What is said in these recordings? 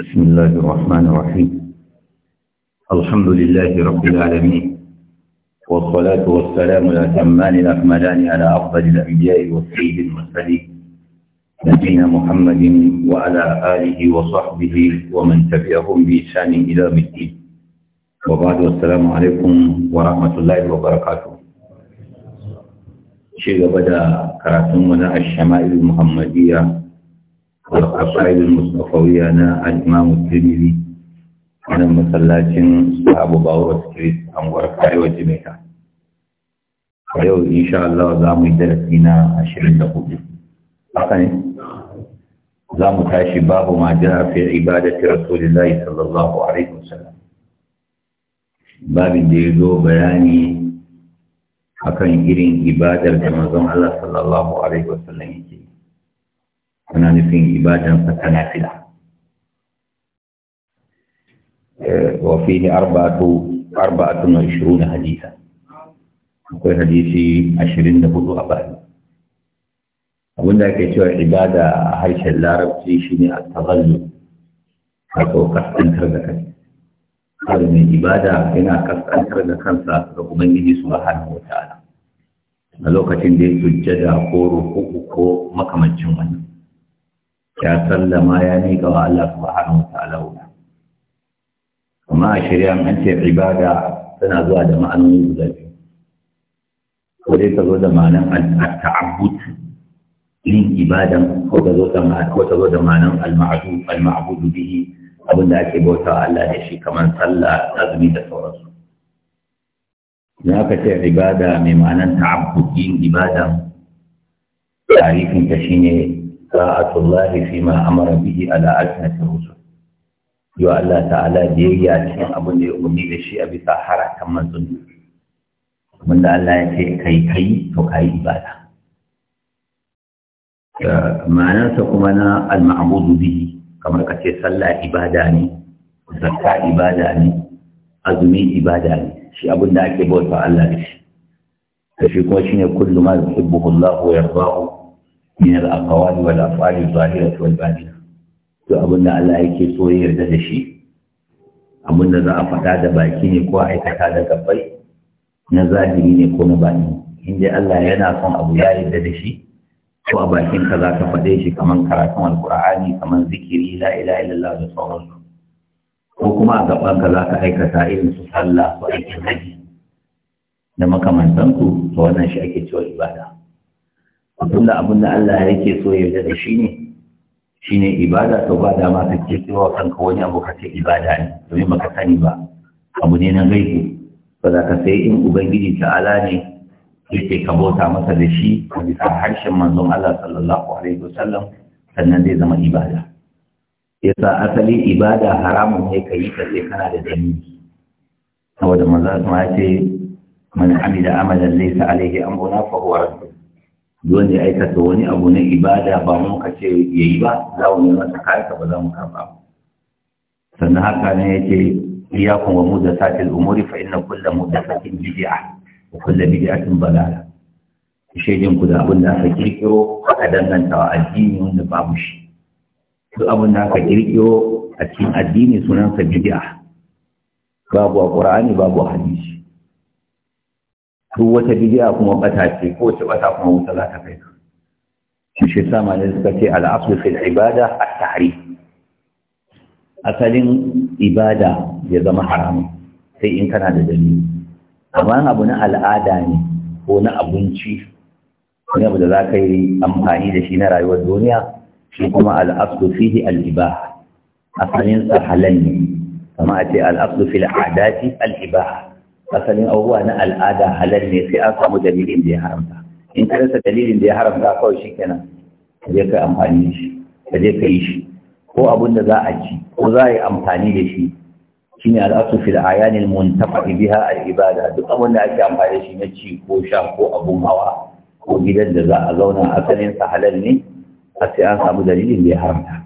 بسم الله الرحمن الرحيم الحمد لله رب العالمين والصلاة والسلام الأتمان الأكملان على أفضل الأنبياء والسيد المرسلين نبينا محمد وعلى آله وصحبه ومن تبعهم بإحسان إلى الدين وبعد والسلام عليكم ورحمة الله وبركاته شيء بدأ كراتمنا الشمائل المحمدية والقصائد المصطفوية أنا الإمام الترمذي أنا مسلاتين أبو باور سكريت أنور كاي وجميكا ويو إن شاء الله زامو درسينا عشرين دقيقة أخني زامو تاشي باب ما جاء في عبادة رسول الله صلى الله عليه وسلم babin da ya zo bayani akan irin ibadar da manzon Allah sallallahu alaihi wasallam yake ana nufin ibadansa ta nafila eh, wa fihi arba'atu arba'atun wa ishruna hadisa akwai hadisi ashirin da hudu a Abin abinda ake cewa ibada a harshen larabci shi ne a tazallu a kaskantar da kai har mai ibada yana kaskantar da kansa ga ubangiji wata wataala a lokacin da ya sujjada ko ruku ko makamancin wannan ya sallama ya miƙa wa Allah subhanahu wa ta'ala wuta amma a shirya an ce ibada tana zuwa da ma'anoni guda biyu ko dai ka zo da ma'anan ta'abbud lin ibada ko ta zo da ma'anan al-ma'budu bihi abin da ake bauta Allah da shi kamar sallah azumi da sauransu idan ka ce ibada mai ma'anan ta'abbud ibada tarihin ta shine sa'atullahi fi ma amara bihi ala alfinatin rusul yau Allah ta'ala biyayya cikin abin da ya umarni da shi a bisa harakan manzon abin Allah ya ce kai kai to kai ibada ma'anarsa kuma na al-ma'budu bihi kamar ka ce sallah ibada ne zakka ibada ne azumi ibada ne shi abin da ake bauta Allah da shi Kashe kuma shine kullu ma yuhibbuhu Allah wa min al-aqwali wal af'ali zahirati wal to abin da Allah yake so ya yarda da shi abin da za a faɗa da baki ne ko aikata da gabbai na zahiri ne ko na bani, inda Allah yana son abu ya yarda da shi ko a bakin ka za ka faɗe shi kamar karatun alkur'ani kamar zikiri la ilaha illallah da sauransu ko kuma a gaban ka za ka aikata irin su sallah ko aikin haji da makamantansu, to wannan shi ake cewa ibada abinda abinda Allah yake so ya da shi ne shi ne ibada to ba da ma kake cewa kanka wani abu ka ibada ne domin baka sani ba abu ne na gaibi ba za ka sai in ubangiji ta'ala ne yake ka bauta masa da shi a bisa harshen manzon Allah sallallahu alaihi wasallam sannan zai zama ibada yasa asali ibada haramun ne ka yi ka sai kana da dalili saboda manzon Allah ya ce man amila amalan laysa alaihi amruna fa huwa dole ya aikata wani abu na ibada ba mu ka ce ya yi ba za mu yi masa kayanka ba za mu karɓa ba sannan haka ne ya ce mu wa satin umuri fa inna kulla mudasatin bid'a wa kulla bid'atin balala shaidin ku da abin da aka kirkiro aka danganta wa addini wanda babu shi duk abin da aka kirkiro a cikin addini sunansa bid'a babu a qur'ani babu a hadisi duk wata bidiya kuma bata ce ko wace bata kuma wuta za ta kai ka shi sa ma ne suka ce al'asu fil ibada at-tahrim asalin ibada ya zama haramun sai in kana da dalili amma abu na al'ada ne ko na abinci wani abu da za ka yi amfani da shi na rayuwar duniya shi kuma al'aslu fihi asalin sa halal ne kama a ce al'aslu fil adati al'ibaha asalin abubuwa na al'ada halal ne sai an samu dalilin da ya haramta in ka rasa dalilin da ya haramta kawai shi kenan ka je ka amfani shi ka je ka yi shi ko abin da za a ci ko za a yi amfani da shi shi ne al'asu fil ayanil muntafa'i biha al ibada duk abin da ake amfani da shi na ci ko sha ko abun hawa ko gidan da za a zauna asalin sa halal ne a sai an samu dalilin da ya haramta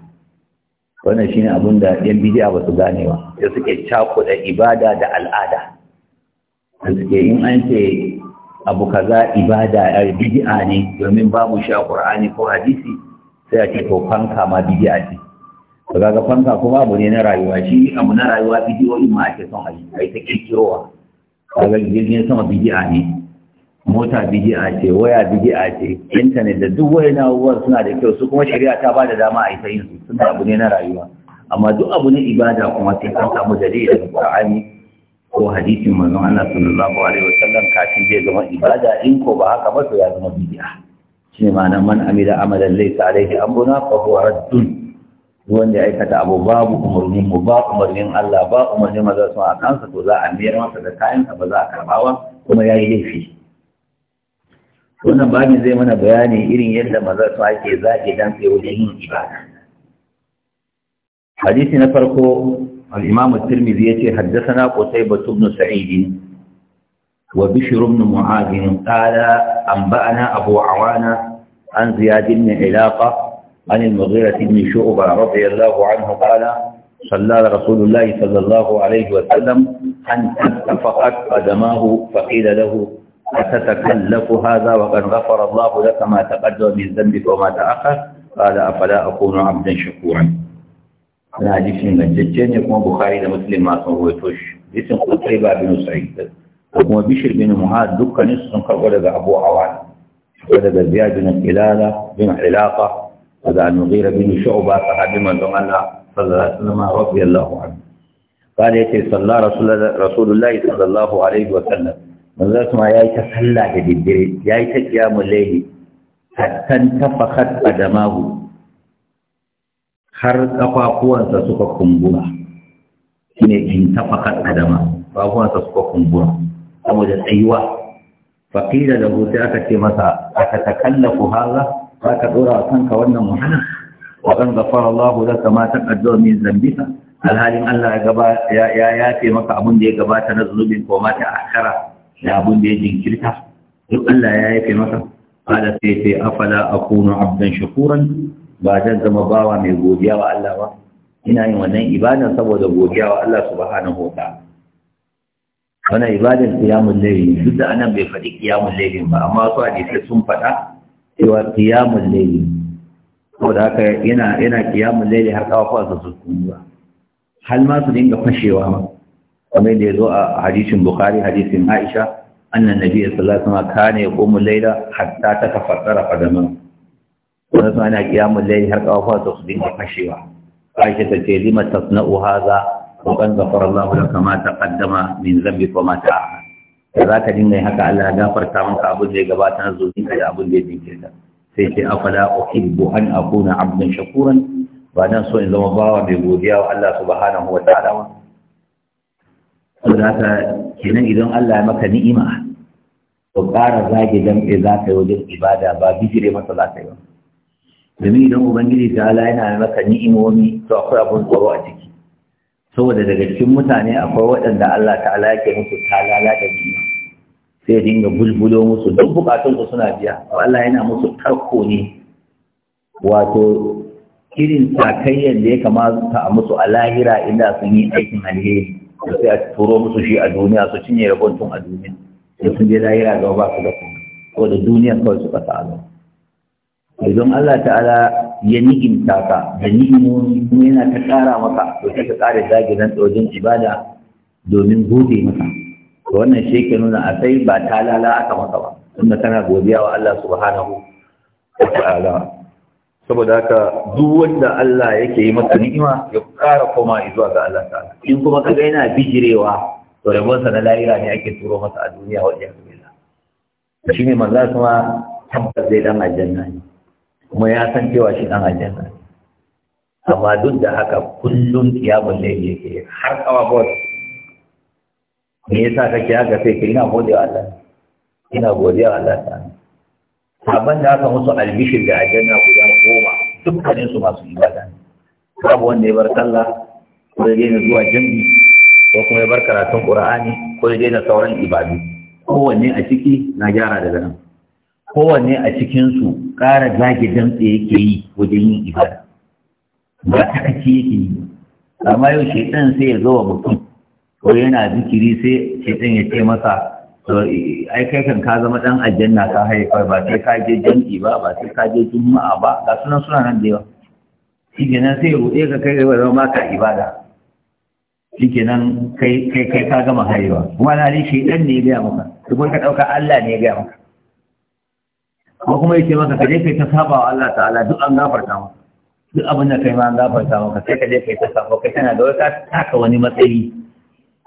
wannan shine abin da yan bidiya ba su gane ba sai suke cakuɗa ibada da al'ada da in an ce abu kaza ibada a bidi'a ne domin babu shi a qur'ani ko hadisi sai a ce to fanka ma bidi'a ce to kaga fanka kuma abu ne na rayuwa shi abu na rayuwa bidiyoyi ma ake son ayi kai ta kirkirowa kaga jirgin sama bidi'a ne mota bidi'a ce waya bidi'a ce intanet da duk wayan abubuwan suna da kyau su kuma shari'a ta ba da dama a yi ta yin su suna abu ne na rayuwa amma duk abu ne ibada kuma sai an samu dalili daga kur'ani. ko hadisin manzon Allah sallallahu alaihi wasallam kafin zai gama ibada in ko ba haka ba to ya zama bid'a shine ma'anar man amila amalan laysa alaihi amruna fa huwa raddun wanda ya aikata abu babu umarnin mu ba umarnin Allah ba umarnin maza su a kansa to za a miyar masa da kayan sa ba za a karbawa kuma yayi laifi wannan babin zai mana bayani irin yadda maza su ake zage dan sai wajen yin ibada hadisi na farko الإمام الترمذي حدثنا قتيبة بن سعيد وبشر بن معاذ قال أنبأنا أبو عوانة عن زياد بن علاقة عن المغيرة بن شعبة رضي الله عنه قال صلى رسول الله صلى الله عليه وسلم أن تتفقت قدماه فقيل له أتتكلف هذا وقد غفر الله لك ما تقدم من ذنبك وما تأخر قال أفلا أكون عبدا شكورا na hadisin ingantacce ne kuma Buhari da muslim masu sun ruwaito shi hadisin kutsai ba bin sa'id da kuma bishir bin muhad dukkanin sun karɓo daga abu awan ko daga ziyad bin ilala bin ilaqa daga al-mughira bin shu'ba sahabi manzon Allah sallallahu alaihi wasallam radiyallahu anhu قال يتي صلى رسول الله صلى الله ya yi من ذات ما يأتي صلى بالدري يأتي قيام الليل حتى انتفخت قدماه har kafafuwansa suka kumbura shine in tafaka adama kafafuwansa suka kumbura saboda tsayuwa faqila lahu sai aka ce masa aka takallafu haza aka dora kanka wannan wahala wa kan ghafara Allahu laka ma taqaddama min dhanbika alhalin Allah ya ya yafe maka abin da ya gabata na zunubin ko ma ta akara da abin da ya jinkirta duk Allah ya yafe maka qala sai sai afala akunu abdan shakuran ba zan zama bawa mai godiya wa Allah ba ina yin wannan ibadan saboda godiya wa Allah subhanahu wa ta'ala wannan ibadan qiyamul layl duk da anan bai faɗi qiyamul layl ba amma su hadisi sun faɗa cewa qiyamul ko da haka yana yana qiyamul layl har kafafuwansa su ba. hal ma su dinga fashewa ma kamar da ya zo a hadisin bukhari hadisin aisha annan nabiyyu sallallahu alaihi wasallam kana yaqumul layla hatta tatafattara qadaman wani su ana kiyamun laili har kawo da su dinga fashewa aisha ta ce lima uha za ku kan zafar Allah kamata ta kaddama min zambi ko mata da za ka dinga haka Allah ya gafarta maka abin da ya gabata na zurfinka da abin da ya jinkirta sai ce afala uhibbu an akuna abdan shakuran ba dan so in zama bawa mai godiya wa Allah subhanahu wa ta'ala ba da haka kenan idan Allah ya maka ni'ima to ƙara zage dan za ka yi wajen ibada ba bijire masa za ka yi ba domin idan ubangiji ta ala yana maka ni'imomi to akwai abun tsoro a ciki saboda daga cikin mutane akwai waɗanda Allah ta yake musu lala da ni'ima sai dinga bulbulo musu duk bukatun su suna biya Allah yana musu tarko ne wato irin sakayyar da ya kamata a musu a lahira inda sun yi aikin alheri da sai a turo musu shi a duniya su cinye rabon tun a duniya da sun je lahira gaba ba su da kuma saboda duniya kawai suka sa'a a idan Allah ta'ala ya ni'imta ka da ni'imomi kuma yana ta ƙara maka ko ta ka ƙara dage ibada domin gode maka to wannan shi ke nuna a sai ba ta lala aka maka ba tunda kana godiya wa Allah subhanahu wa ta'ala saboda haka duk wanda Allah yake yi maka ni'ima ya ƙara koma zuwa ga Allah ta'ala in kuma kaga yana bijirewa to sa na lahira ne ake turo masa a duniya wajen kabila shi ne manzo kuma tabbas zai dan aljanna ne kuma ya san cewa shi ɗan aljanna amma duk da haka kullum kiyamun laifi yake har kawa bot me yasa kake haka sai ka ina gode wa Allah ina godiya wa Allah ta abin da aka musu albishir da aljanna guda goma dukkanin su masu ibada babu wanda ya bar sallah ko ya daina zuwa jami'i ko kuma ya bar karatun qur'ani ko ya daina sauran ibadu kowanne a ciki na gyara daga nan kowanne a cikinsu ƙara zage damtse yake yi wajen yin ibada ba ta takaci yake yi amma yau shaitan sai ya zo wa mutum ko yana zikiri sai shaitan ya ce masa ai kai kan ka zama dan aljanna ka haifar ba sai ka je jam'i ba ba sai ka je juma'a ba ga sunan suna nan da yawa shikenan sai ruɗe ka kai gaba zama maka ibada shikenan kai kai ka gama haihuwa kuma na ni shaitan ne ya gaya maka kuma ka ɗauka Allah ne ya gaya maka ko kuma yake maka kaje kai ta saba wa Allah ta'ala duk an gafarta maka duk abin da kai ma an gafarta maka sai kaje kai ta saba kai tana da wata taka wani matsayi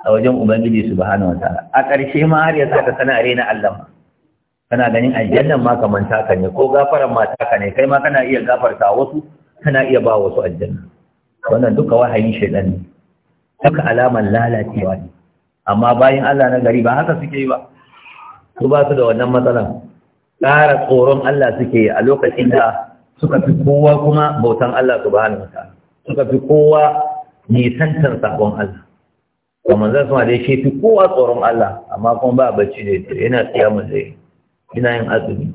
a wajen ubangiji subhanahu wataala a ƙarshe ma har ya saka kana rena Allah ma kana ganin aljannan ma kaman taka ne ko gafaran ma taka ne kai ma kana iya gafarta wasu kana iya ba wasu aljanna wannan duka wahayin shaidan ne haka alaman lalacewa ne amma bayan Allah na gari ba haka suke yi ba su ba su da wannan matsalan ƙara tsoron Allah suke a lokacin da suka fi kowa kuma bautan Allah ba wataala suka fi kowa nisantar sabon Allah to zan suna dai shi fi kowa tsoron Allah amma kuma ba bacci da ita yana kiyamun zai yana yin azumi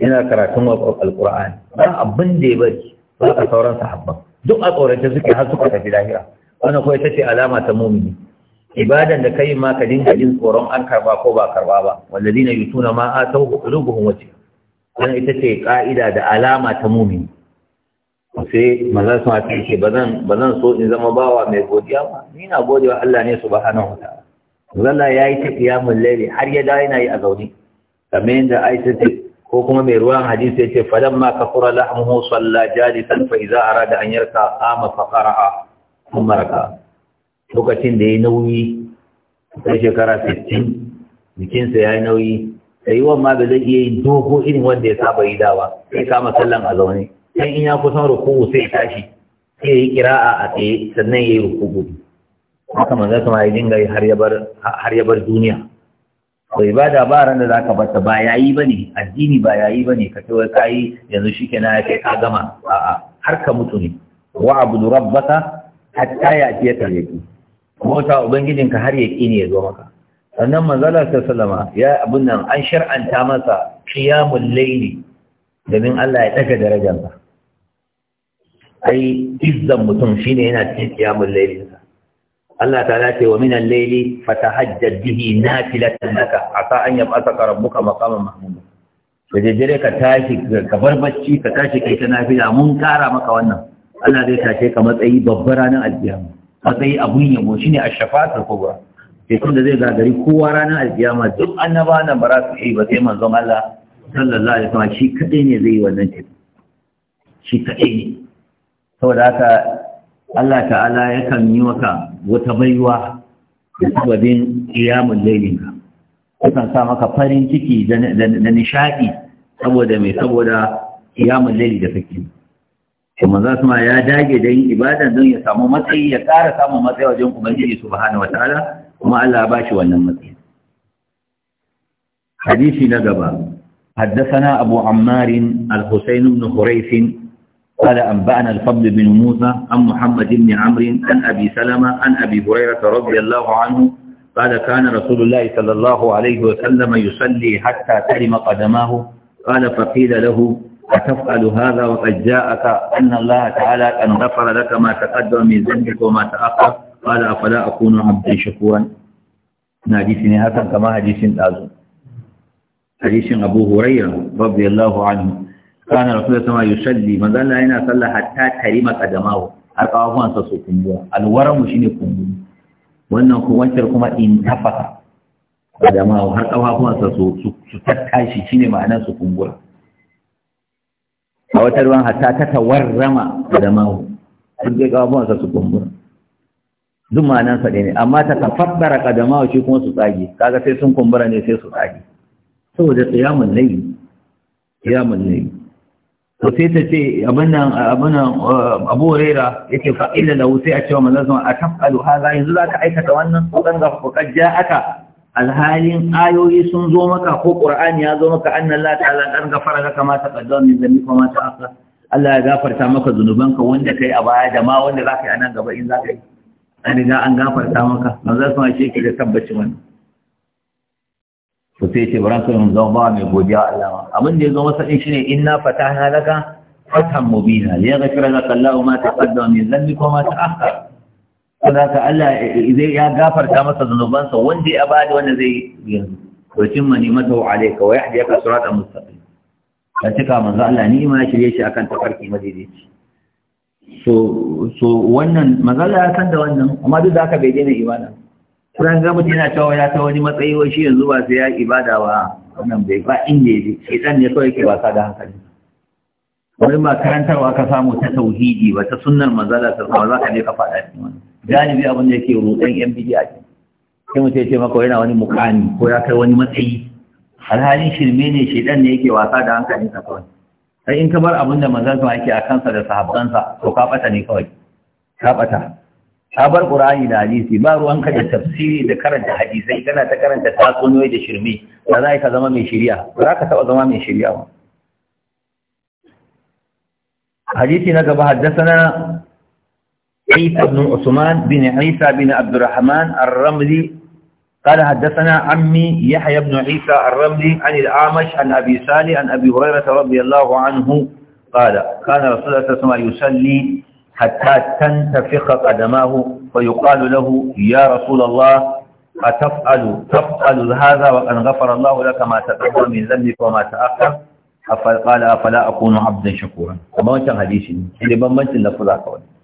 yana karatun alqur'ani ba abin da ya bari ba a sauran sahabban duk a ta suke har suka tafi lahira wannan kawai ta ce alama ta mumini ibadan da kai ma ka dinga jin tsoron an karba ko ba karba ba wallazina yutuna ma atau qulubuhum wajh dan ita ce ka'ida da alama ta mumini sai maza su ma ce bazan bazan so in zama bawa mai godiya ba ni na godiya Allah ne subhanahu ta'ala zalla yayi ta qiyamul layli har ya da yana yi a zaune kamar yadda Aisha ce ko kuma mai ruwan hadisi yace falamma kafura lahmuhu salla jalisan fa iza arada an yarka qama fa qara'a umarka raka'a lokacin da ya yi nauyi sai shekara 60 jikinsa ya yi nauyi tsayuwan ma ba zai iya yin dogo irin wanda ya saba yi dawa sai kama sallan a zaune sai in ya kusan ruku'u sai ya tashi sai ya yi kira'a a tsaye sannan ya yi ruku'u haka manzon sama ya dinga yi har ya bar duniya to ibada ba ran da zaka bata ba yayi bane addini ba yayi bane ka ce wai kai yanzu na ya kai ka gama a'a har ka mutu ne wa abudu rabbaka hatta ya al-yaqin mota ubangijinka har ya ƙini ya zo maka sannan manzala ta salama ya abin nan an shar'anta masa kiyamun laili domin Allah ya ɗaga darajarsa ai izzan mutum shine yana cikin kiyamun lailinsa Allah ta lace wa minan laili fatahajjad bihi nafilatan laka asa an yab'athaka rabbuka maqaman mahmuda da jejjere ka tashi ka bar bacci ka tashi kai ta nafila mun kara maka wannan Allah zai tashe ka matsayi babbar ranar alkiyama matsayi abun yabo shine ash-shafa'atul kubra sai kun da zai gagari kowa ranar alkiyama duk annaba na ba za su yi ba sai manzon Allah sallallahu alaihi wasallam shi kadai ne zai yi wannan tafi shi kadai ne saboda haka Allah ta'ala ya kan yi maka wata baiwa da sababin qiyamul lailinka yakan sa maka farin ciki da nishadi saboda mai saboda qiyamul laili da kake kuma za ya dage dan yin ibadan don ya samu matsayi ya ƙara samun matsayi wajen Ubangiji su ba hana wata kuma Allah bashi wannan matsayi. Hadisi na gaba, haddasa na Abu Ammarin Al-Husain ibn Huraifin, قال أنبأنا الفضل بن موسى عن محمد بن an عن أبي سلمة عن أبي هريرة رضي الله عنه قال كان رسول الله صلى الله عليه وسلم يصلي حتى تلم قدماه أتفعل هذا وقد جاءك أن الله تعالى قد غفر لك ما تقدم من ذنبك وما تأخر قال أفلا أكون عبدا شكورا ناديسني هذا كما حديث أزم حديث أبو هريرة رضي الله عنه كان رسول الله يصلي من ذل هنا صلى حتى تريم قدماه أقاوان سسكنبوا الورم شنو كنبوا wannan kuwancin kuma in tafasa da ma har kafafuwansa su tattashi shine ma'anar su kumbura a wata ruwan hatta ta tawarrama da mahu sun je kafafuwansa su kumbura duk ma'anan sa ne amma ta tafaddara kadamawa shi kuma su tsage kaga sai sun kumbura ne sai su tsage saboda tsiyamun layi tsiyamun layi to sai ta ce abin nan abin nan uh, abu rera yake fa'ila lahu sai a cewa manzon a tafalu haza yanzu za ka aikata wannan ko dan ga fuka ja aka alhalin ayoyi sun zo maka ko qur'ani ya zo maka anna Allah ta'ala kan gafara ka kama ta kaddam min dhanbi kuma ta aka Allah ya gafarta maka zunubanka wanda kai a baya da ma wanda ka yi a nan gaba in za ka yi an riga an gafarta maka manzo sun ce ki da tabbaci wani. to sai ce baran sun zama ba mai godiya Allah abin da ya zo masa din shine inna fatahna laka fatham mubina liyaghfira laka Allahu ma taqaddama min dhanbi kuma ma ta'akhkhara saboda ka Allah zai ya gafarta masa zunubansa wanda ya bada wanda zai yanzu wa timma ni'matahu mata wa yahdiyaka siratan mustaqim ka cika manzo Allah ni ya shirye shi akan tafarki madaidaici so so wannan mazalla ya san da wannan amma duk da haka bai daina ibada kuran ga mutum yana cewa ya ta wani matsayi wa shi yanzu ba sai ya ibada ba wannan bai ba inda ya je dan ne kawai ke wasa da hankali wani ba karantarwa ka samu ta tauhidi ba ta sunnar manzala ta sama za ka je ka faɗa cikin wannan galibi abin da yake roƙon yan bidiya ce sai mutum ya ce maka yana wani mukami ko ya kai wani matsayi alhalin shirme ne shaidan ne yake wasa da hankalin sa kawai sai in ka bar abin da manzon sa yake a kansa da sahabbansa to ka bata ne kawai ka bata ka bar qur'ani da hadisi ba ka da tafsiri da karanta hadisai kana ta karanta tatsuniyoyi da shirme ba za ka zama mai shiriya ba za ka taɓa zama mai shiriya ba حديث نقب حدثنا عيسى بن عثمان بن عيسى بن عبد الرحمن الرملي قال حدثنا عمي يحيى بن عيسى الرملي عن الأعمش عن أبي سالي عن أبي هريرة رضي الله عنه قال كان رسول الله صلى الله عليه وسلم يصلي حتى تنتفخ قدماه فيقال له يا رسول الله أتفعل تفعل هذا وأن غفر الله لك ما تقدم من ذنبك وما تأخر قال أفلا أكون عبدا شكورا ما كان حديث اللي يعني بمنت لفظها قولي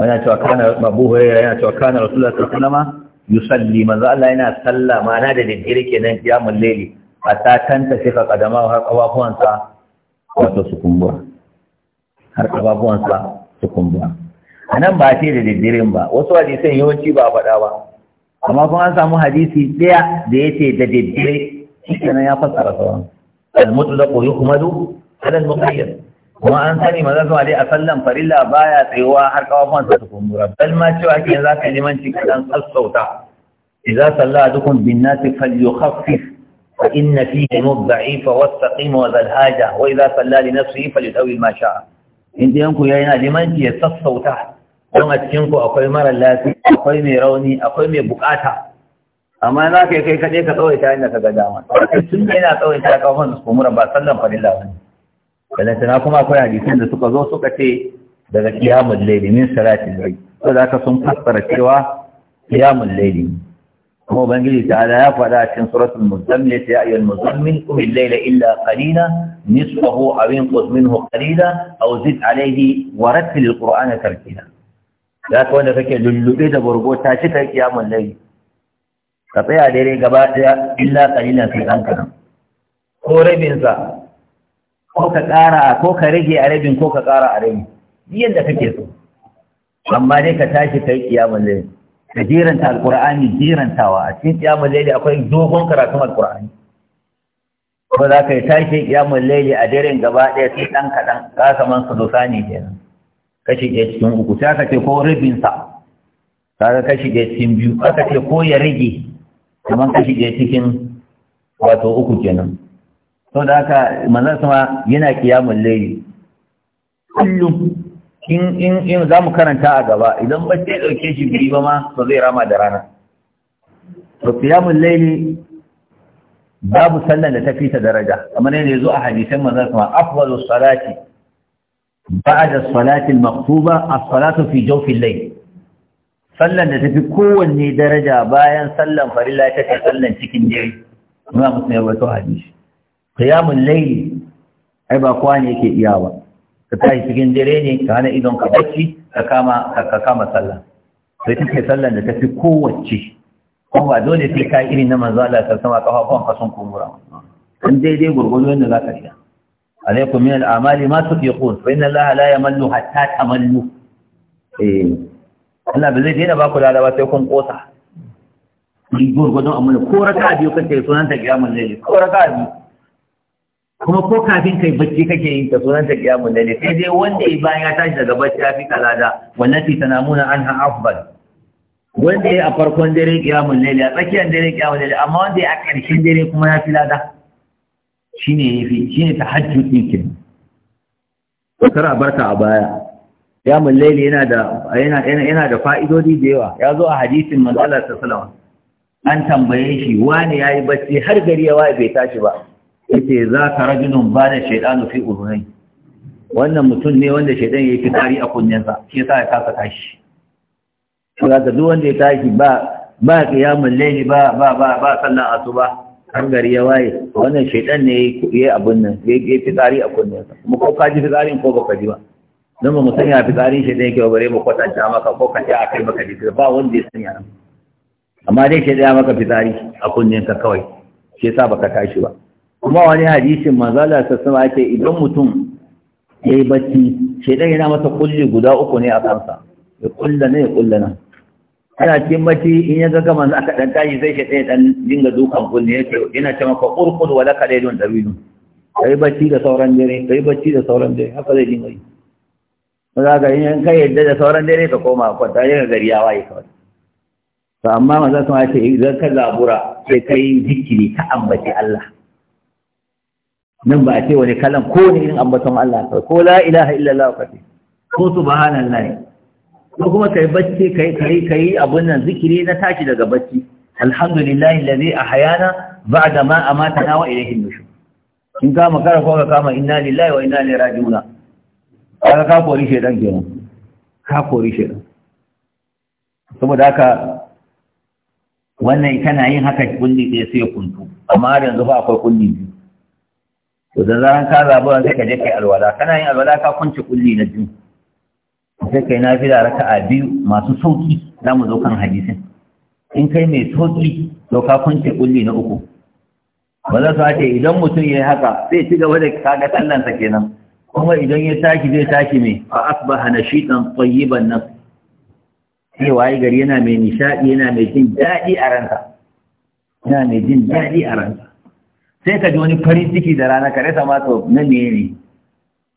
yana cewa kana Abu Hurairah yana cewa kana Rasulullah da alaihi yusalli manzo Allah yana salla mana da daddare kenan kiyamul layli hatta tanta shi ka kadama har kafafuwansa wato su kumbura har kafafuwansa su kumbura anan ba ce da daddiren ba wasu hadisan yawanci ba faɗa ba amma kuma an samu hadisi ɗaya da yace da daddare shi kenan ya fassara sauran al-mutlaq yuhmadu ala al-muqayyad kuma an sani maza zuwa dai a sallan farilla baya tsayuwa har kawafansa su kumbura bal ma cewa ake za ka limanci kaɗan sassauta idza salla dukun bin nasi falyukhaffif fa inna fihi mudda'ifa wastaqima wa zal haja wa idza salla li nafsihi falyutawil ma sha'a in dai ku yayin limanci ya sassauta don a cikin ku akwai mara lafiya akwai mai rauni akwai mai bukata amma za ka kai kaɗai ka tsawaita inda ka ga dama tun da yana tsawaita kawafan su kumbura ba sallan farilla ba ne balantana kuma akwai hadisin da suka zo suka ce daga kiyamun laili min salatin rai to da ka sun fassara cewa kiyamun laili kuma bangiji ta ala ya faɗa a cikin suratul muzammil ta ayyul muzammil qum al-layla illa qalila nisfahu aw inqus minhu qalila aw zid alayhi wa rattil al-qur'ana tartila da ka wanda kake lullube da burgo ta ci kai kiyamun ka tsaya daidai gaba daya illa qalilan sai an ko rabin sa ko ka ƙara ko ka rage a rabin ko ka ƙara a rabin yadda kake so amma dai ka tashi kai kiyamun laili ka jiranta alqur'ani jirantawa a cikin kiyamul laili akwai dogon karatun alqur'ani ko za ka tashi kiyamul laili a daren gaba ɗaya sai ɗan kaɗan ka kaman dosa ne kenan kashi shige cikin uku sai ka ce ko rabin sa kaga kashi shige cikin biyu ka ce ko ya rage kaman kashi shige cikin wato uku kenan da aka manzan sama yana kiyamun laili kullum in za mu karanta a gaba idan ba sai dauke shi biyu ba ma ba zai rama da rana to kiyamun laili babu sallan da ta fita daraja kamar yadda zo a hadisan manzan sama afwalu salati ba'da salati al-maktuba as-salatu fi al sallan da ta fi kowanne daraja bayan sallan farilla ta sallan cikin dare muna musu ya wato hadisi qiyamul layli ai ba kowa ne yake iya ba ka tashi cikin dare ne ka hana idon ka bacci ka kama ka kama sallah sai take sallah da tafi kowace kuma ba dole sai ka irin na manzo Allah ta sama kafa ka fasun kumura in dai gurgudu yadda za ka iya alaikum min amali ma tufiqun fa inna Allah la yamallu hatta tamallu eh Allah ba zai daina ba ku lalawa sai kun kosa ni gurgudun amma ko raka biyu kace sunan ta kiyamul layli ko raka biyu kuma ko kafin kai bacci kake yin ta sunan ta da ne sai dai wanda ya bayan ya tashi daga bacci ya fi kalada wallati an ha afbal? wanda ya a farkon dare kiyamun lalle a tsakiyar dare kiyamun lalle amma wanda ya a ƙarshen dare kuma ya fi lada shine fi shine ta hajji ɗinki kar a barka a baya ya lalle yana da yana yana da fa'idodi da yawa ya zo a hadisin manzo Allah sallallahu alaihi wasallam an tambaye shi wani yayi bacci har gari ya waye bai tashi ba Yake za ka rajinun ba da shaidanu fi urunai wannan mutum ne wanda shaidan ya yi fitari a kunyansa shi ya sa ya kasa tashi za ka duk wanda ya tashi ba ba kiyamun laili ba ba ba ba sallan asuba har gari ya waye wannan shaidan ne ya abun nan ya yi fitsari a kunyansa kuma ko ka ji fitsarin ko baka ji ba don ba mu sanya fitsarin shaidan yake bare mu kwatanta maka ko ka ji a kai baka ji ba wanda ya sanya nan amma dai shaidan ya maka fitsari a kunyanka kawai shi ya sa baka tashi ba kuma wani hadisin manzala ta sama ake idan mutum ya yi bacci shaidan yana masa kulli guda uku ne a kansa ya kulla ne ya kulla na ana cikin bacci in ya gaga manzo aka dan tashi zai shaidan ya dan dinga dukan kulli yake yana ce maka urqud wa laka laylun dawilun kai bacci da sauran dare kai bacci da sauran dare haka zai dinga yi maza ka in kai yadda da sauran dare ka koma kwanta ya gari ya waye kawai to amma maza sun ce idan ka zabura sai kai zikiri ka ambaci Allah nan ba a ce wani kalan ko ne irin ambaton Allah ka ko la ilaha illallah wa kafi ko subhanallahi ko kuma kai bacci kai kai kai abun nan zikiri na tashi daga bacci alhamdulillahi allazi ahyana ba'da ma amatana wa ilayhi nushur kin ga makara ko ka kama inna lillahi wa inna ilaihi raji'un kaga ka kori dan kenan ka kori shedan saboda haka wannan kana yin haka kulli sai ya kuntu amma yanzu ba akwai kulli biyu to da zaran ka zaburan sai ka je kai alwala kana yin alwala ka kunce kulli na biyu sai kai nafila raka'a biyu masu sauki za mu zo kan hadisin in kai mai sauki to ka kunce kulli na uku ba za su ce idan mutum ya yi haka sai ci gaba da kaga sallansa kenan kuma idan ya tashi zai tashi mai fa asbaha nashitan tayyiban nas sai waye gari yana mai nishadi yana mai jin daɗi a ransa yana mai jin daɗi a ransa sai ka ji wani farin ciki da rana ka rasa ma to na ne ne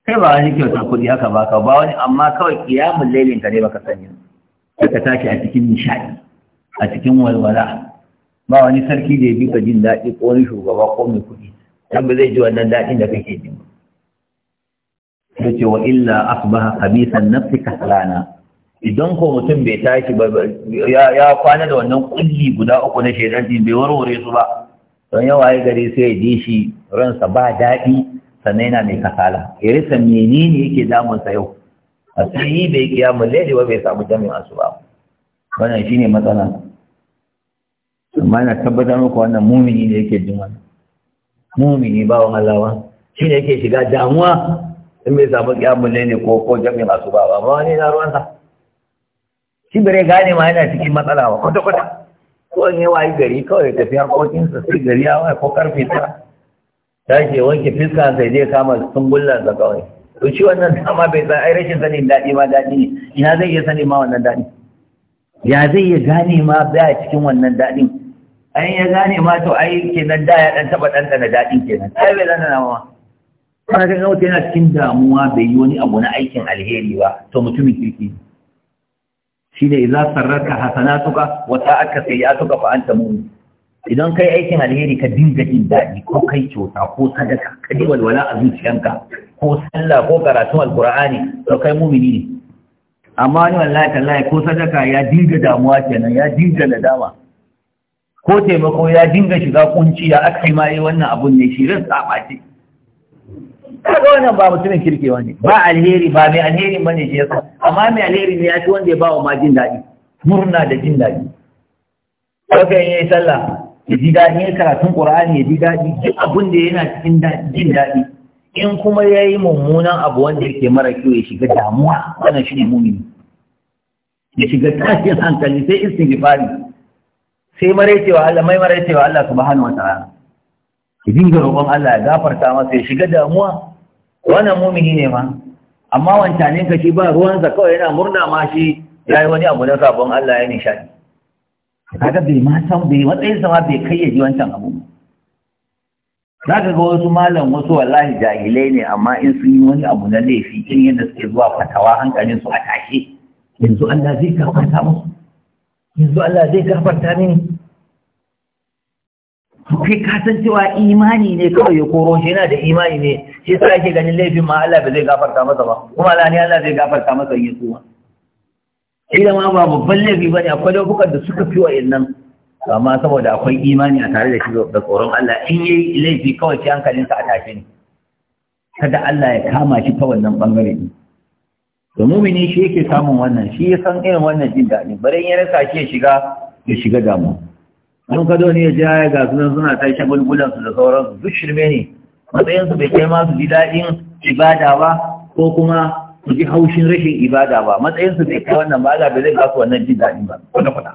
kai ba wani kyauta kuɗi aka baka ba wani amma kawai kiyamun lailin ka ne baka sani sai ka tashi a cikin nishaɗi a cikin walwala ba wani sarki da ya bi ka jin daɗi ko wani shugaba ko mai kuɗi dan ba zai ji wannan daɗin da kake ji ba ce wa illa asbaha khabisan nafsi kaslana idan ko mutum bai tashi ba ya kwana da wannan kulli guda uku na shaidar din bai warware su ba don yawa yi gari sai ya ji shi ransa ba daɗi sannan yana mai kasala ya rasa menene yake damunsa yau a sai bai lele ba bai samu jami'a masu ba wannan ne matsala amma yana tabbatar muku wannan mumini ne yake jin wannan mumini wa halawa shi ne yake shiga damuwa in bai samu mu lele ko ko jami'a masu ba ba wani na ruwansa shi bare gane ma yana cikin matsala ba kwata-kwata ko in yi wayi gari kawai tafi harkokinsa sai gari ya wai ko karfe ta ke wanke fiska sai zai kama sungullarsa kawai to shi wannan dama bai san ai rashin sanin daɗi ma daɗi ne ina zai iya sanin ma wannan daɗi ya zai iya gane ma baya cikin wannan daɗin an ya gane ma to ai kenan da ya ɗan taɓa ɗanɗana daɗin kenan ai bai ɗanɗana ma kana ga wata yana cikin damuwa bai yi wani abu na aikin alheri ba to mutumin kirki ne shine idza sarraka hasanatuka wa sai ya suka ta mu'min idan kai aikin alheri ka dinga jin daɗi ko kai kyauta ko sadaka ka ji walwala a zuciyanka ko sallah ko karatun alkur'ani to kai mu'mini ne amma ni wallahi tallahi ko sadaka ya dinga damuwa kenan ya dinga nadama ko taimako ya dinga shiga kunci ya aka yi ma yi eh, wannan abun ne shi ran tsaba kaga wannan ba mutumin ba ne ba alheri ba mai alheri bane shi yasa amma mai alheri ne ya ci wanda ya ba wa ma jin daɗi murna da jin daɗi kaga in yayi sallah ya ji daɗi ya karatun qur'ani ya ji daɗi duk abin da yana cikin jin daɗi in kuma ya yi mummunan abu wanda yake mara kyau ya shiga damuwa wannan shi ne mumini ya shiga tashin hankali sai istighfari sai maraicewa Allah mai maraicewa Allah subhanahu wa ta'ala ya dinga roƙon Allah ya gafarta masa ya shiga damuwa wannan mumini ne ma amma wancan ka shi ba ruwansa kawai yana murna ma shi ya yi wani abu na sabon Allah ya nishadi kaga bai ma san bai matsayin sama bai kai ya wancan abu za ka ga wasu malam wasu wallahi jahilai ne amma in sun yi wani abu na laifi in yadda suke zuwa fatawa hankalin su a tashe yanzu Allah zai gafarta musu yanzu Allah zai gafarta mini kai ka san cewa imani ne kawai ya koro shi yana da imani ne shi sa ake ganin laifin ma Allah ba zai gafarta masa ba kuma Allah ne Allah zai gafarta masa yin shi da ma ba babban laifi ne akwai laifukan da suka fi nan amma saboda akwai imani a tare da shi da tsoron Allah in yi laifi kawai hankalin sa a tashi ne kada Allah ya kama shi ta wannan bangare ne to mumini shi yake samun wannan shi ya san irin wannan jin daɗi bari ya rasa shi ya shiga ya shiga damu an kado ne ya ja ya ga sunan suna ta bulbulan su da sauransu duk shirme ne matsayinsu bai kai ma su ji daɗin ibada ba ko kuma su ji haushin rashin ibada ba matsayinsu bai kai wannan ba Allah bai zai ba su wannan jin daɗin ba kwata kwata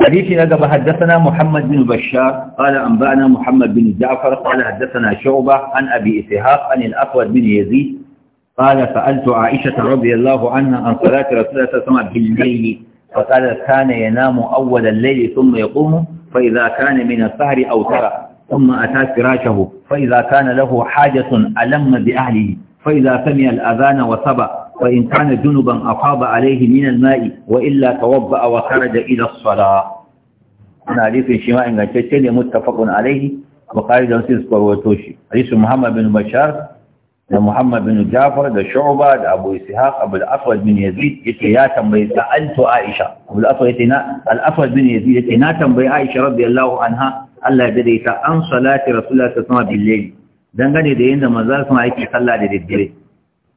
حديث نقب حدثنا محمد بن بشار قال أنبأنا محمد بن جعفر قال حدثنا شعبة عن أبي إسحاق عن الأسود بن يزيد قال سألت عائشة رضي الله عنها عن صلاة رسول الله صلى الله عليه وسلم بالليل فقال كان ينام أول الليل ثم يقوم فإذا كان من السهر أو ترى ثم أتى فراشه فإذا كان له حاجة ألم بأهله فإذا سمع الأذان وصبأ وإن كان جنبا أفاض عليه من الماء وإلا توضأ وخرج إلى الصلاة أنا حديث شماء غنشتين متفق عليه وقال دون سيسكر وتوشي حديث محمد بن بشار محمد بن جعفر ده شعبة ده أبو إسحاق أبو الأسود بن يزيد يتياتا سألت عائشة أبو الأسود يتنا الأسود بن يزيد يتناتا عائشة رضي الله عنها Allah ya daidaita an salati rasulullah ta sama billahi dangane da yanda manzo sun aiki sallah da daddare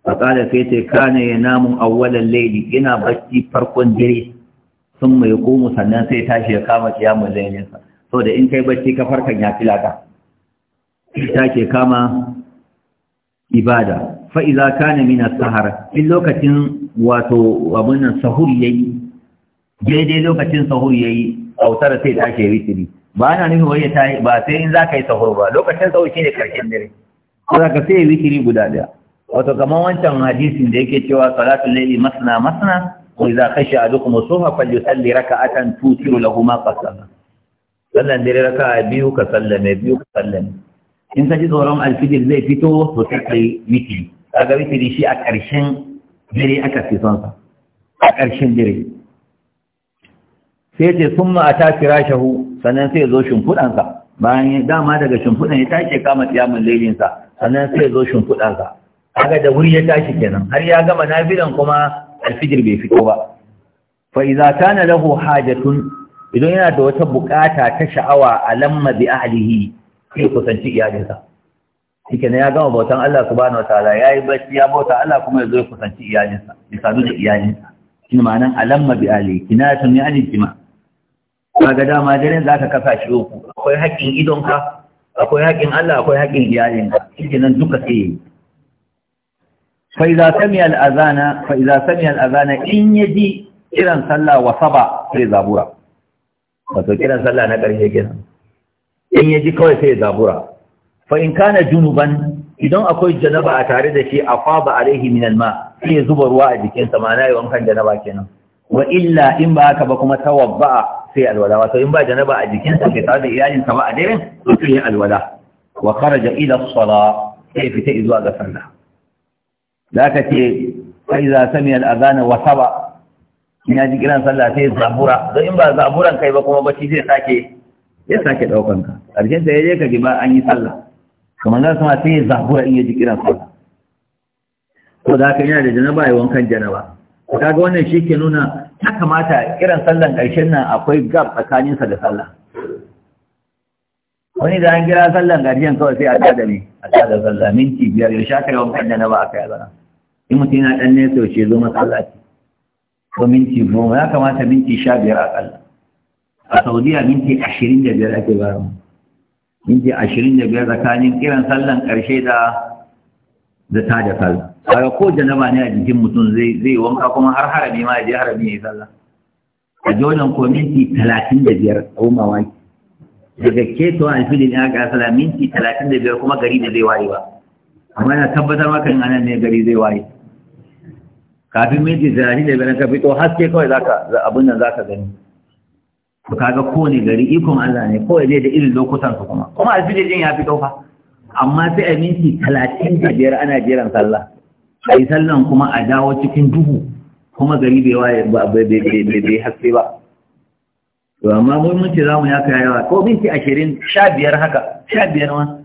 faqala sai ce kana yanamu awwalan layli yana bacci farkon dare sun mai komo sannan sai tashi ya kama kiyamul laylin sa da in kai bacci ka farkan ya filata take kama ibada fa idza kana min as sahar in lokacin wato abunan sahur yayi daidai lokacin sahur yayi autar sai tashi ya witiri ba na nufin wai ta ba sai in za ka yi sahur ba lokacin sahur ne karshen dare ko za ka sai witiri guda ɗaya. wato kamar wancan hadisin da yake cewa salatu laili masna masna wa a duk ahadukum as-subha falyusalli raka'atan tutiru lahu ma qad sallan dare raka'a biyu ka sallame biyu ka sallame in ka ji tsoron alfijir zai fito to sai kai witiri kaga witiri shi a karshen dare aka fi son sa a karshen dare sai ce summa ata firashahu sannan sai ya zo shimfiɗansa bayan dama daga shimfiɗan ya tashi kama tsiyamun lailinsa sannan sai ya zo shimfiɗansa haka da wuri ya tashi kenan har ya gama nafilan kuma alfijir bai fito ba fa idza kana lahu hajatun idan yana da wata bukata ta sha'awa a lamma bi ahlihi sai kusanci iyalinsa shike ne ya gama bautan Allah subhanahu wataala yayi bacci ya bauta Allah kuma ya zo ya kusanci iyalinsa ya sadu da iyalinsa shi ma'anan alamma bi ahlihi kinatun ne an jima ga dama jinin za ka kasa shi uku akwai haƙƙin idonka akwai haƙƙin Allah akwai haƙƙin iyalinka shi nan duka sai yi fa idza sami al-azana fa idza al-azana in yaji kiran sallah wa saba sai zabura wato kiran sallah na ƙarshe kenan in yaji kawai sai zabura fa in kana junuban idan akwai janaba a tare da shi afaba alaihi min alma sai zuba ruwa a jikinsa ma'ana yawan kan janaba kenan wa illa in ba haka ba kuma tawabba sai alwala wato in ba janaba a jikinsa ke tare da iyalinsa ba a daren mutum ya alwala wa kharaja ila sala sai fita zuwa ga sallah zaka ce fa iza sami al adana wa saba in ya ji kiran sallah sai zabura don in ba zaburan kai ba kuma bacci zai sake ya sake daukan ka karshen da yaje ka ji ba an yi sallah kamar za su ma sai zabura in ya ji kiran sallah ko da haka yana da janaba ya wankan janaba kaga wannan shi ke nuna ta kamata irin sallan ƙarshen nan akwai gab tsakaninsa da sallah wani da an kira sallan ƙarshen kawai sai a da ne a da sallah minti biyar ya sha kai wankan da na ba a yi zana in mutum yana ɗan nesa yaushe zo ce ko minti goma ya kamata minti sha biyar a ƙalla a saudiya minti ashirin da biyar ake ba mu minti ashirin da biyar tsakanin kiran sallan ƙarshe da da sallah ga ko janaba ne a jikin mutum zai zai wanka kuma har harami ma ya je harami ya yi sallah a jolan ko minti talatin da biyar abu waki daga keto a filin ya ga sala minti talatin da biyar kuma gari da zai waye ba amma yana tabbatar maka in anan ne gari zai waye kafin minti talatin da biyar ka fito haske kawai zaka abin nan zaka gani to kaga kowane gari ikon Allah ne kawai zai da irin lokutan su kuma kuma alfijir ya fito fa amma sai a minti talatin da biyar ana jiran sallah a yi sallan kuma a dawo cikin duhu kuma gari bai waye bai haske ba to amma mun mun ce za mu yaka yawa ko minti ashirin sha biyar haka sha biyar ma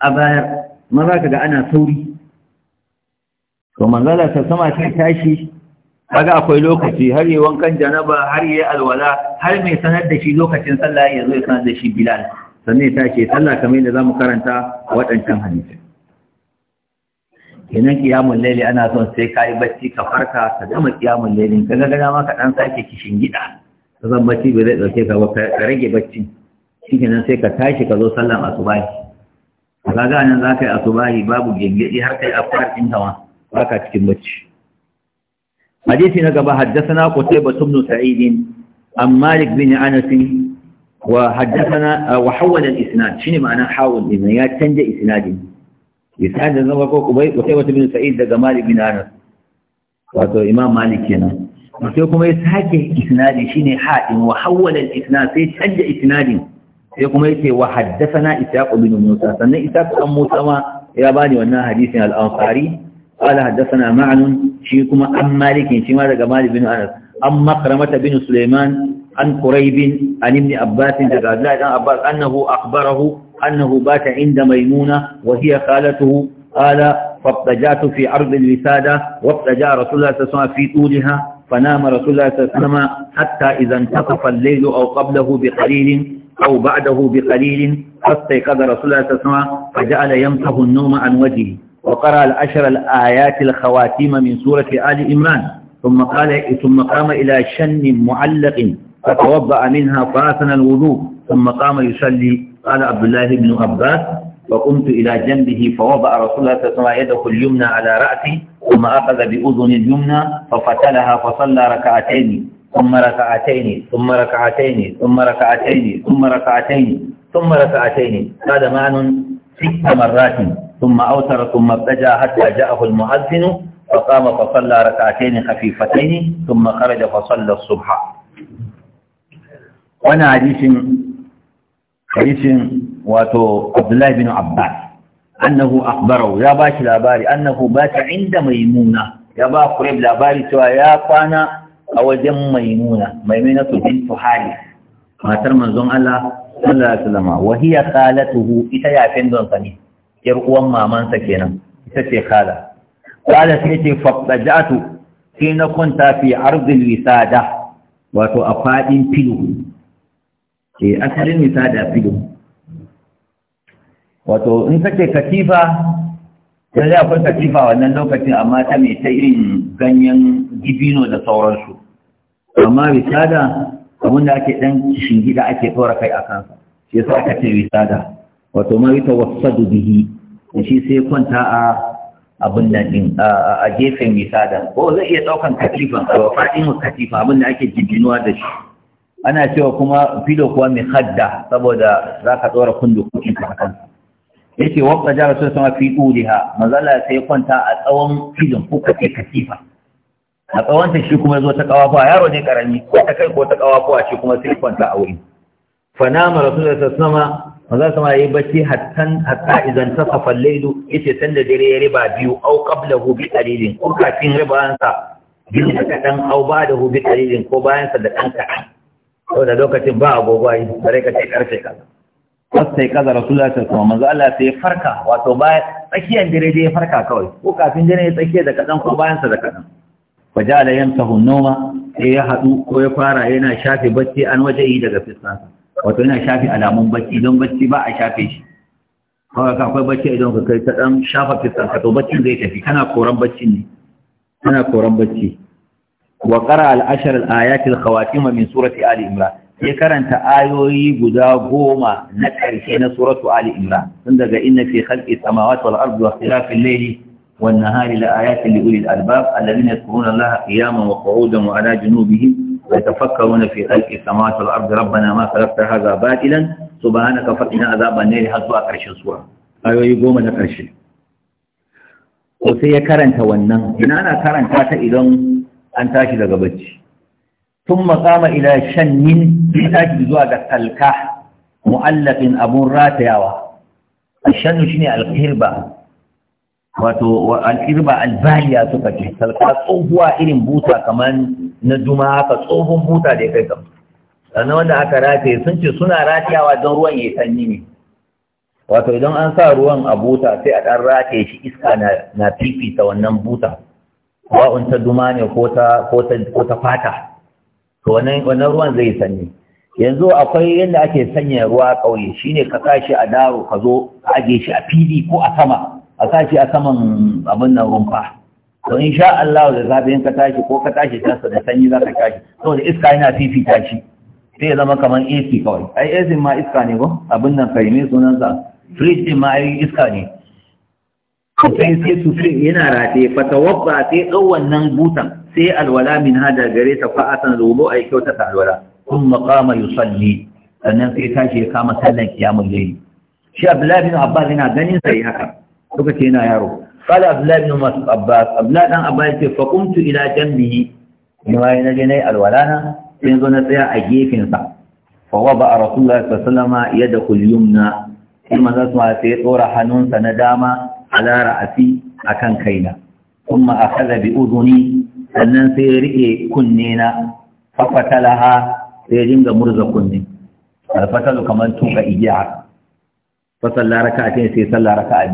a bayar maza ka ga ana sauri to manzala ta sama ta tashi kaga akwai lokaci har yi wankan janaba har yi alwala har mai sanar da shi lokacin sallah yanzu ya sanar da shi bilal sannan ya tashi sallah kamar yadda za mu karanta waɗancan hadisi kenan kiyamun laili ana son sai ka yi bacci ka farka ka gama kiyamun lailin ka gaga ma ka dan sake kishin gida ka zan bacci bai zai dauke ka ba ka rage bacci shi kenan sai ka tashi ka zo sallan asubahi ka ga nan za ka yi asubahi babu gengedi har kai afkar din hawa ba ka cikin bacci hadisi na gaba haddathana qutaybah ibn sa'id an malik bin anas wa haddathana wa al-isnad shine ma'ana hawal din ya canja isnadin isa'id da zama ko kubai ko taiwata bin sa'id daga malik anas wato imam malik kenan sai kuma ya sake isnadi shine hadin wa hawwala al-isnad sai canja isnadin sai kuma yace wa haddathana isaq bin musa sannan isaq dan musa ma ya bani wannan hadisin al-ansari qala haddathana ma'lun shi kuma an malik ma daga malik anas an makramata bin sulaiman an quraib an ibn abbas daga abdullah dan abbas annahu akhbarahu أنه بات عند ميمونة وهي خالته قال فاضطجعت في أرض الوسادة واضطجع رسول الله صلى الله عليه وسلم في طولها فنام رسول الله صلى الله عليه وسلم حتى إذا انتقف الليل أو قبله بقليل أو بعده بقليل فاستيقظ رسول الله صلى الله عليه وسلم فجعل يمسح النوم عن وجهه وقرأ العشر الآيات الخواتيم من سورة آل إمران ثم قال ثم قام إلى شن معلق فتوضأ منها فاثن الوضوء ثم قام يصلي قال عبد الله بن عباس فقمت إلى جنبه فوضع رسول الله صلى الله عليه وسلم يده اليمنى على رأسي ثم أخذ بأذن اليمنى ففتلها فصلى ركعتين ثم ركعتين ثم ركعتين ثم ركعتين ثم ركعتين ثم ركعتين هذا معنى ست مرات ثم أوتر ثم ابتجى حتى جاءه المؤذن فقام فصلى ركعتين خفيفتين ثم خرج فصلى الصبح وانا حديث hadisin wato Abdullahi bin Abbas annahu akhbarahu ya bashi labari annahu bata inda mai nuna ya ba kureb labari cewa ya kwana a wajen mai nuna maimuna su bintu hali matar manzon Allah sallallahu alaihi wasallam wa hiya qalatuhu ita ya findon sa ne yar uwan mamansa kenan ita ce kala kala sai ce faqajatu sai na kunta fi ardil wisada wato a fadin ke eh, asalin nisa da filo wato in kace katifa zai akwai katifa wannan lokacin amma ta mai ta irin ganyen gibino da sauransu amma risada abin da ake dan shingida ake tsora kai a kansa shi yasa aka ce risada wato ma yata wasadu bihi shi sai kwanta a abin da din a gefen risada ko zai iya daukan katifan a fadin katifa abin da ake jibinuwa da shi ana cewa kuma filo kuwa mai hadda saboda za ka tsora kundukukin ka kan yake wata jara sun sama fi ɗuriha mazala sai kwanta a tsawon filin ko kake katifa a tsawonta shi kuma zo ta kawafuwa yaro ne karami ko ta kai ko ta a shi kuma sai kwanta a wurin fanama rasulullah sallama maza sama ya yi bacci hattan hatta idan ta al laidu yace san da dare ya riba biyu au qablahu bi qalilin ko kafin ribansa bi kaɗan au ba'dahu bi qalilin ko bayansa da ɗan kaɗan ko da lokacin ba agogo ayi, bare ka ce karfe kaza wasu sai kaza rasulullah ta kuma manzo Allah sai ya farka wato bayan tsakiyar dare dai ya farka kawai ko kafin dare ya tsakiya da kadan ko bayan sa da kadan fa ja'ala yamsahu noma sai ya hadu ko ya fara yana shafe bacci an waje yi daga fiskansa wato yana shafe alamun bacci don bacci ba a shafe shi kawai ka akwai bacci idan ka kai ta dan shafa fiskanka to baccin zai tafi kana koran bacci ne kana koran bacci wa qara al-ashr al min surati ali imran ya karanta ayoyi guda goma na ƙarshe na suratu ali imran tun daga inna fi khalqi samawati wal ardi wa ikhtilafi layli wan nahari la ayatin li ulil albab alladhina yadhkuruna allaha qiyaman wa qu'udan wa ala junubihim wa yatafakkaruna fi khalqi samawati wal ardi rabbana ma khalaqta hadha batilan subhanaka faqina adhaban nar har zuwa karshen sura ayoyi goma na karshe ko sai ya karanta wannan ina ana karanta ta idan an tashi daga bacci Tun makama ila shannin tashi zuwa ga talka mu'allafin abun ratayawa a shannu shi ne alkirba wato alkirba albaliya suka ce talka tsohuwa irin buta kamar na duma haka tsohon buta da ya kai kamar sannan wanda aka rataye sun ce suna ratayawa don ruwan ya sanyi ne wato idan an sa ruwan a buta sai a ɗan rataye shi iska na fifita wannan buta wa'un ta duma ne ko ta fata to wannan ruwan zai sanyi yanzu akwai yadda ake sanya ruwa ƙauye ne ka kashi a daro ka zo ka aje shi a fili ko a sama a kashi a saman abin nan rumfa to sha Allah da zafin ka tashi ko ka tashi ta da sanyi za ka tashi saboda iska yana fifita shi sai ya zama kamar AC kawai ai AC ma iska ne ko abin nan karime sunan sa fridge ɗin ma ai iska ne sai sai su sai yana rataye fa sai dau wannan butan sai alwala min hada gare ta fa asan zubo ai kyauta ta alwala kuma qama yusalli sannan sai tashi ya kama sallan kiyamul shi abdullahi bin abbas yana ganin sai haka lokaci yana yaro قال عبد الله بن عباس عبد الله na عباس فقمت na Sai ما na tsaya a نتيا اجيفن سا فوضع رسول الله صلى الله عليه وسلم يده اليمنى ثم ذات tsora hannunsa na dama. ala ra'asi akan kaina kuma a akhadha bi udhuni sannan sai ya rike kunne na fafatalaha sai ya dinga murza kunne alfatalu kamar tuka igiya fa sallara raka'atin sai a raka'a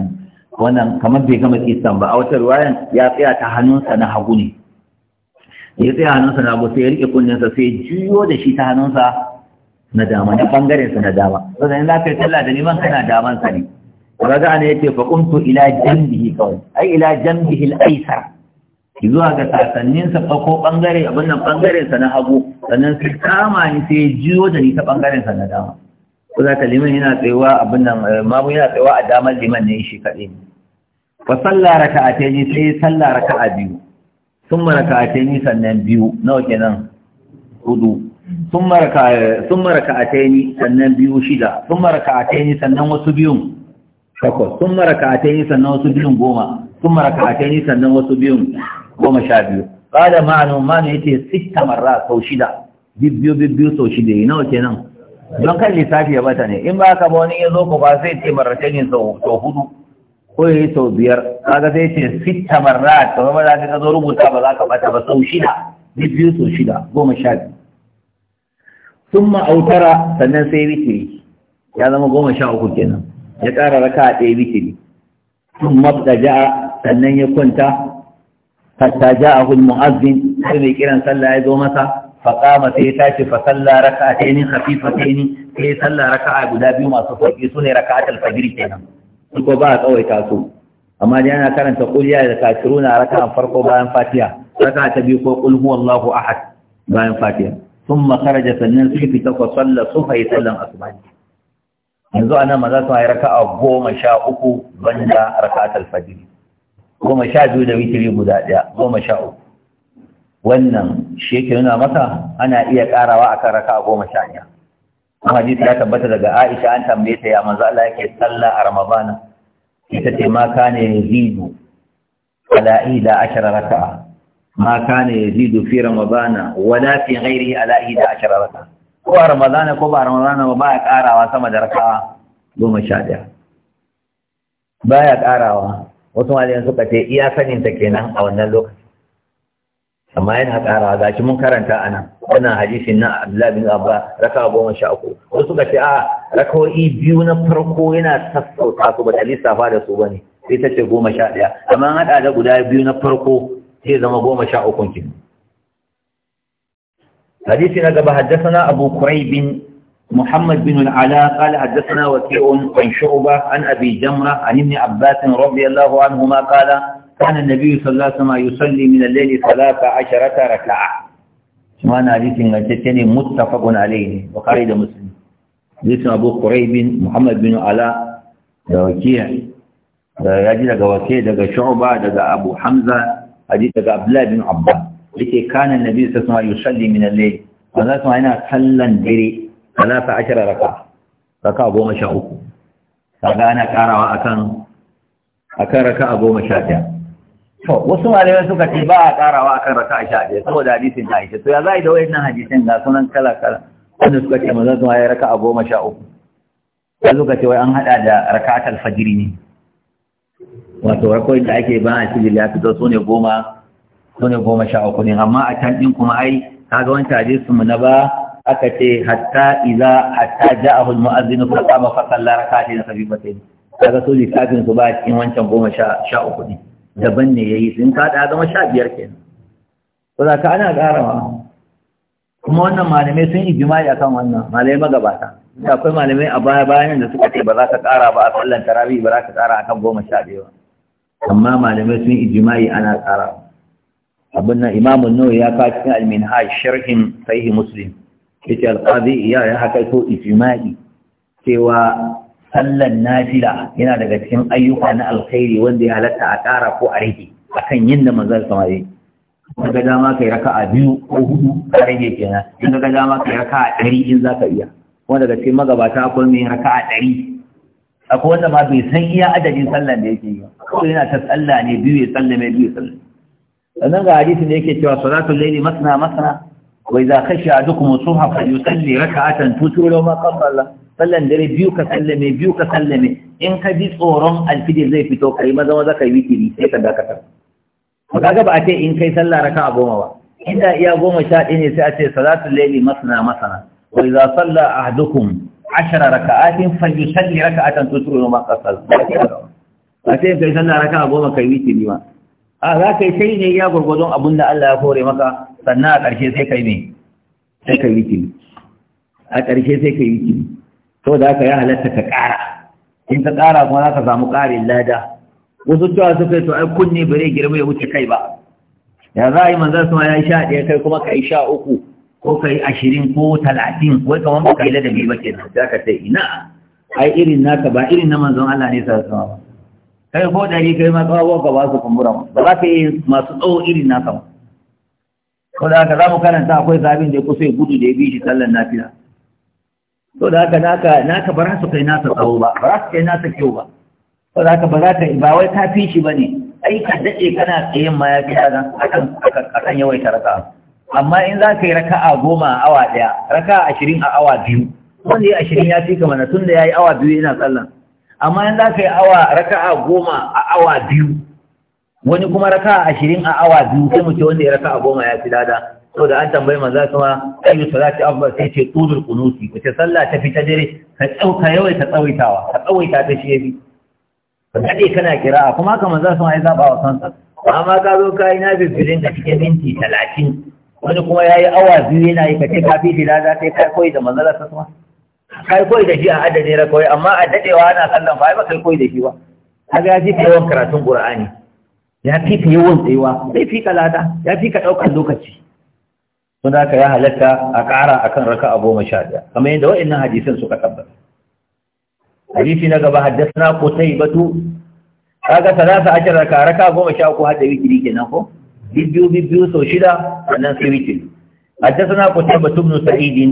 wannan kamar bai gama kisan ba a wata ruwayan ya tsaya ta hannunsa na hagu ne ya tsaya hannunsa na hagu sai ya rike kunninsa sai juyo da shi ta hannunsa na dama na bangaren sa na dama Sannan in za ka yi sallah da liman kana daman sa ne kaga ana yace fa qumtu ila janbihi kawai ai ila janbihi al-aysar zuwa ga sasannin sa ko bangare abin nan bangaren sa na hagu sannan sai kama ni sai jiyo da ni ta bangaren sa na dama ko za ka liman yana tsayawa abin nan eh, mamu yana tsayawa a damar liman ne shi kaɗai fa salla raka'atayn sai salla raka'a biyu summa raka'atayn sannan biyu nawa kenan hudu sun maraka a eh, taini sannan biyu shida sun maraka a taini sannan wasu biyun takwas sun maraka a tayi sannan wasu biyun goma sun maraka a tayi sannan wasu biyun goma sha biyu kada ma'anu ma'anu yace sita marra sau shida biyu-biyu sau shida yi nawa kenan don kan lissafi ya bata ne in ba ka ba wani ya zo ko ba sai ce marrace ne sau hudu ko ya yi sau biyar kaga sai ce sita marra kamar ba za ka zo rubuta ba za ka bata ba sau shida biyu sau shida goma sha biyu sun ma'autara sannan sai witiri ya zama goma sha uku kenan ya ƙara raka a ɗaya witiri sun mabda ja'a sannan ya kwanta hatta ja'a hul mu'azzin sai mai kiran sallah ya zo masa faƙama sai ya tashi fa sallah raka a teni hafifa ta yi sai ya sallah raka a guda biyu masu sauƙi su ne raka a talfajiri kenan ko ba a tsawaita su amma dai ana karanta kuliya da kafiruna raka a farko bayan fatiha raka ta biyu ko qul huwallahu ahad bayan fatiha thumma kharaja sannan sai fita ko salla subhi sallan asbah yanzu anan maza sun yi raka'a goma sha uku banda raka'atul fajiri? goma sha biyu da witiri guda ɗaya goma sha uku wannan shi yake nuna maka ana iya karawa akan raka'a goma sha ɗaya kuma hadisi ta tabbata daga Aisha an tambaye ta ya manzo Allah yake sallah a Ramadana ita ce ma ne yazidu ala ila ashara raka'a ma ne yazidu fi Ramadana wala fi ghairi ala ila ashara raka'a ko a ramadana ko ba a ramadana ba ya karawa sama da raka'a goma sha ɗaya ba ya karawa wasu malayan suka ce iya saninta kenan a wannan lokaci amma yana karawa gashi mun karanta a nan wannan hadisi na abdullahi bin abba raka goma sha uku wasu suka ce a Rakawai biyu na farko yana sassauta su ba ta lissafa da su ba ne sai ta ce goma sha ɗaya amma haɗa da guda biyu na farko sai zama goma sha uku kenan حديث نقب حدثنا أبو كريب محمد بن العلاء قال حدثنا وكيع عن شعبة عن أبي جمرة عن ابن عباس رضي الله عنهما قال كان النبي صلى الله عليه وسلم يصلي من الليل ثلاث عشرة ركعة معنى حديث نقتني متفق عليه وقال مسلم حديث أبو كريب محمد بن العلاء وكيع يجي لك وكيع لك شعبة لك أبو حمزة حديث لك عبد الله بن عباس yake kanan na biyu alaihi wasallam yusalli min al-layl manzo kuma yana sallan dare talata ashara raka raka goma sha uku kaga ana karawa akan akan raka goma sha ɗaya to wasu malamai suka ce ba a karawa akan raka a sha ɗaya saboda hadisin da Aisha to ya zai da wayannan hadisin ga sunan kala kala wanda suka ce manzo kuma ya raka a goma sha uku sai suka ce wai an hada da rakatul fajr ne wato rakoyin da ake ba a cikin ya fito sune goma su ne goma sha uku ne amma a can ɗin kuma ai kaga wancan su mu na ba aka ce hatta iza hatta a ja'ahu al-mu'adhdhin fa na fa ta rak'atayn khafifatayn kaga su lissafin su ba cikin wancan goma sha uku ne. daban ne yayi sun kaɗa da zama sha biyar kenan ko za ka ana ƙarawa kuma wannan malamai sun ijimai akan wannan malamai magabata akwai malamai a baya bayan da suka ce ba za ka ƙara ba a sallan tarawih ba za ka ƙara akan goma sha biyu amma malamai sun ijimai ana ƙara abin nan imamun nawawi ya kawo cikin al-minhaj sharhin sahih muslim yace al-qadi ya ya haka ko ijma'i cewa sallan nafila yana daga cikin ayyuka na alkhairi wanda ya halatta a ƙara ko a rage akan yin da manzon sama yi in ga dama kai a biyu ko hudu ka rage kenan in ga dama kai a ɗari in za ka iya kuma daga cikin magabata akwai mai a ɗari akwai wanda ma bai san iya adadin sallan da yake yi ba yana ta tsalla ne biyu ya tsalla mai biyu ya tsalla sannan ga hadisin da yake cewa salatul layli masna masna wa idza khashiya ahadukum subha falyusalli rak'atan tuturu ma qabla Allah sallan dare biyu ka sallame biyu ka sallame in ka ji tsoron alfijir zai fito kai maza maza kai witiri sai ka dakatar ba kaga ba a ce in kai sallah raka'a goma ba inda iya goma sha ɗaya ne sai a ce salatul layli masna masna wa idza salla ahadukum ashara raka'atin falyusalli raka'atan tuturu ma qabla Allah ba sai kai sallah raka'a goma kai witiri ma a za ka yi ta yi ne ya gwargwadon abin da Allah ya kore maka sannan a ƙarshe sai ka yi ne sai ka yi wikini a ƙarshe sai ka yi wikini to da aka yi halatta ka ƙara in ka ƙara kuma za ka samu ƙarin lada wasu cewa suka yi to ai kunne ba zai girma ya wuce kai ba ya za a yi manzan su ma ya sha ɗaya kai kuma ka yi sha uku ko ka yi ashirin ko talatin wai kamar ba ka yi ladabi ba kenan za ka ce ina ai irin naka ba irin na manzan Allah ne sa sama ba kai ko dari kai ma kawo ga ba su kumbura ba za ka yi masu tsawo irin naka ba ko da haka za mu karanta akwai zabin da ya kusa ya gudu da ya bi shi sallan nafila ko da haka naka naka ba za su kai nasa tsawo ba ba za su kai nasa kyau ba ko da haka ba za ka ba wai ka fi shi ne, ai ka daɗe kana tsayin ma ya fi kaga akan akan yawaita raka amma in za ka yi raka a goma a awa ɗaya raka a ashirin a awa biyu wanda ya ashirin ya fi kama mana tun da ya yi awa biyu yana sallan amma in za ka yi awa raka'a goma a awa biyu wani kuma raka'a ashirin a awa biyu sai mu ce wanda ya raka'a goma ya fi lada da an tambayi maza kuma ayyu salati afdal sai ce tudul qunuti wace sallah ta fi ta dare ka tsauka yawai ta tsawaitawa ka tsawaita ta shi yafi ka dade kana kira'a kuma haka maza kuma ai zaba wa kansa amma ka zo ka yi nafilfilin da cikin minti talatin wani kuma ya yi awa biyu yana yi ka ce ka fi shi lada sai ka koyi da mazalar ta kuma kai koyi da shi a adadin kawai amma a dadewa ana sallan fa ba kai koyi da shi ba kaga ya fi yawan karatun qur'ani ya fi yawan tsayuwa zai fi kalada ya fi ka daukar lokaci Suna haka ya halatta a ƙara a kan raka a goma sha ɗaya kamar yadda wa'annan hadisan suka tabbata hadisi na gaba haddasa ko ta yi batu kaga talata ake raka raka goma sha uku har da wikiri kenan ko bibbiyu bibbiyu sau shida sannan sai wikiri haddasa ko ta batu ibn sa'idin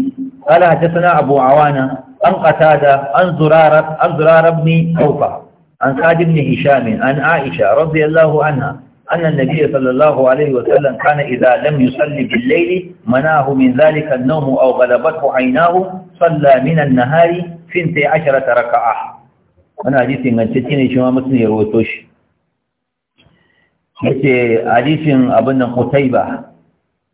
قال حدثنا أبو عوانة عن قتادة عن زرارة عن زرارة بن أوفى عن سعد بن هشام عن عائشة رضي الله عنها أن النبي صلى الله عليه وسلم كان إذا لم يصلي بالليل مناه من ذلك النوم أو غلبته عيناه صلى من النهار في عشرة ركعة أنا حديث إن تتيني شما مسلم يروتوش حديث أبن قتيبة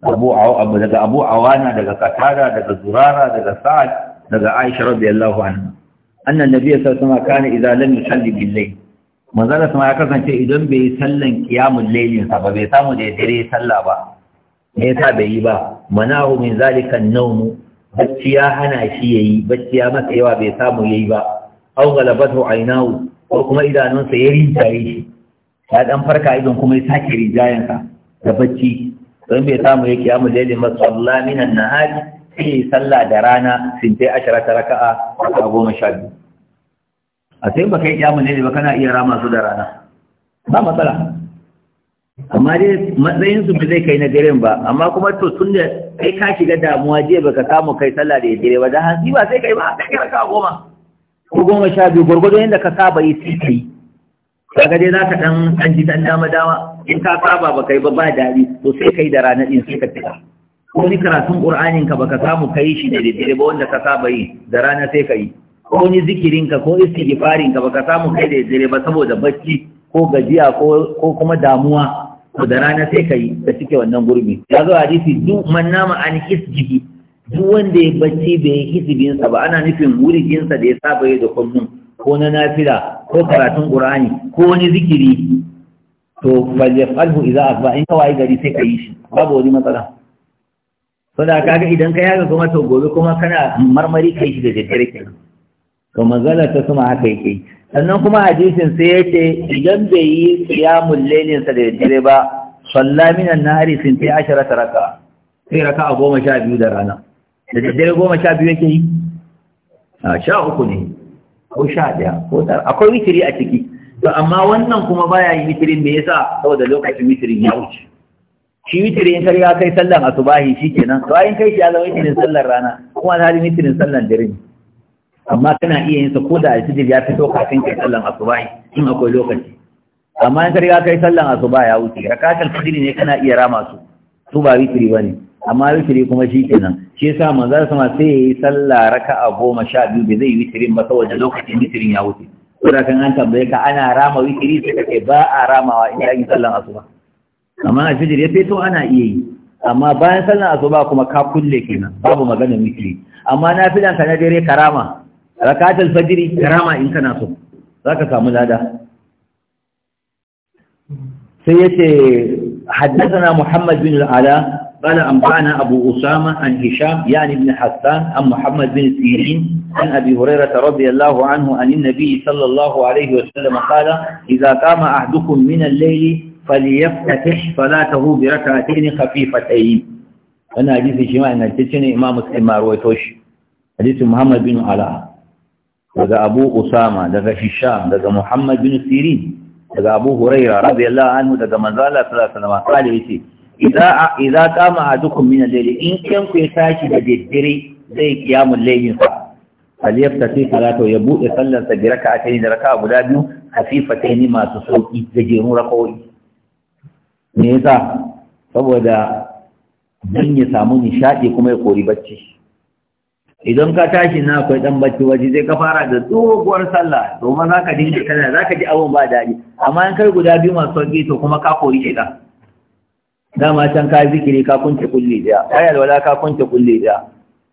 abu daga abu awana daga katara daga zurara daga sa'ad daga aisha radiyallahu anha annan nabiyyi sallallahu alaihi wasallam kana idza lam yusalli bil layl manzala sama ya kasance idan bai yi sallan qiyamul laylin sa ba bai samu da dare sallah ba me yasa bai yi ba manahu min zalika an-nawm bacci ya hana shi yayi bacci ya masa yawa bai samu yayi ba aw galabatu aynahu ko kuma idanunsa ya rinjaye shi ya dan farka idan kuma ya sake ka. da bacci don bai samu ya kiyamu laili masalla minan nahari sai sallah da rana sun a shara ta raka'a a goma sha biyu a sai baka yi mu laili ba kana iya rama su da rana ba matsala amma dai matsayin su zai kai na daren ba amma kuma to tun da kai ka shiga damuwa jiya baka samu kai sallah da dare ba da hanzi ba sai kai ba kai raka'a goma ko goma sha biyu gwargwado yadda ka saba yi sai kai daga dai zaka dan an ji ɗan dama dama in ka saba baka yi ba ba dari to sai kai da ranar ɗin sai ka tsira ko ni karatun ƙur'anin ka baka samu kai shi da daidai ba wanda ka saba yi da rana sai ka yi. ko ni zikirin ka ko istighfarin ka baka samu kai da daidai ba saboda bacci ko gajiya ko kuma damuwa to da rana sai ka yi, da cike wannan gurbi ya zo hadisi duk man nama an isjihi duk wanda ya bacci bai yi hizibinsa ba ana nufin wurijinsa da ya saba yi da kullum ko na nafila ko karatun qur'ani ko wani zikiri to alhu idza ba in kawai gari sai ka yi shi babu wani matsala to da kaga idan ka yaga kuma to gobe kuma kana marmari kai shi da daddare ke. to manzala ta suma haka yake sannan kuma hadisin sai yace idan bai yi qiyamul lailin sa da daddare ba salla min an-nahari sinti asharata raka'a sai raka'a goma sha biyu da rana da daddare goma sha biyu yake yi a sha uku ne ko sha ɗaya ko tara akwai witiri a ciki to amma wannan kuma baya yi witirin me yasa saboda lokacin witirin ya wuce shi witiri in kar ya kai sallan asubahi shikenan to ayin kai shi ya zama witirin sallar rana kuma yi witirin sallan dare ne amma kana iya yin sa ko da alfijir ya fito kafin kai sallan asubahi in akwai lokaci amma in kar ya kai sallan asubahi ya wuce rakatul fajr ne kana iya rama su su ba witiri bane amma witiri kuma shi kenan shi yasa manzon sama sai yayi sallah raka'a goma sha biyu bai zai witirin ba saboda lokacin witirin ya wuce ko da kan an tambaye ka ana rama witiri sai kake ba a ramawa in yi sallan asuba amma fijir ya fito ana iya yi amma bayan sallan asuba kuma ka kulle kenan babu magana witiri amma na fi ka na dare karama rakatul fajiri karama in kana so zaka samu lada sai yace حدثنا محمد بن العلاء قال أنبعنا أبو أسامة عن هشام يعني بن حسان عن محمد بن سيرين عن أبي هريرة رضي الله عنه عن النبي صلى الله عليه وسلم قال إذا قام أحدكم من الليل فليفتتح صلاته بركعتين خفيفتين أنا حديث شماء أن التجن إمام الإمار ويتوش حديث محمد بن علاء daga Abu Usama daga Hisham daga Muhammad bin Sirin daga Abu Hurairah radiyallahu anhu daga manzo Allah sallallahu alaihi wasallam Iza kama a dukkan al daidai, in kan ya tashi da daddare zai qiyamul layli fa sai salatu ya buɗe sallar sa bi raka'atayn da raka guda biyu khafifatayn masu sauƙi da jeru raka'o'i me yasa saboda don ya samu nishadi kuma ya kori bacci idan ka tashi na akwai dan bacci waje zai ka fara da doguwar sallah domin za ka dinga kana ka ji abubuwa ba daɗi amma in kai guda biyu masu sauki to kuma ka kori shi dama can ka zikiri ka kunce kulli daya kai alwala ka kunce kulli daya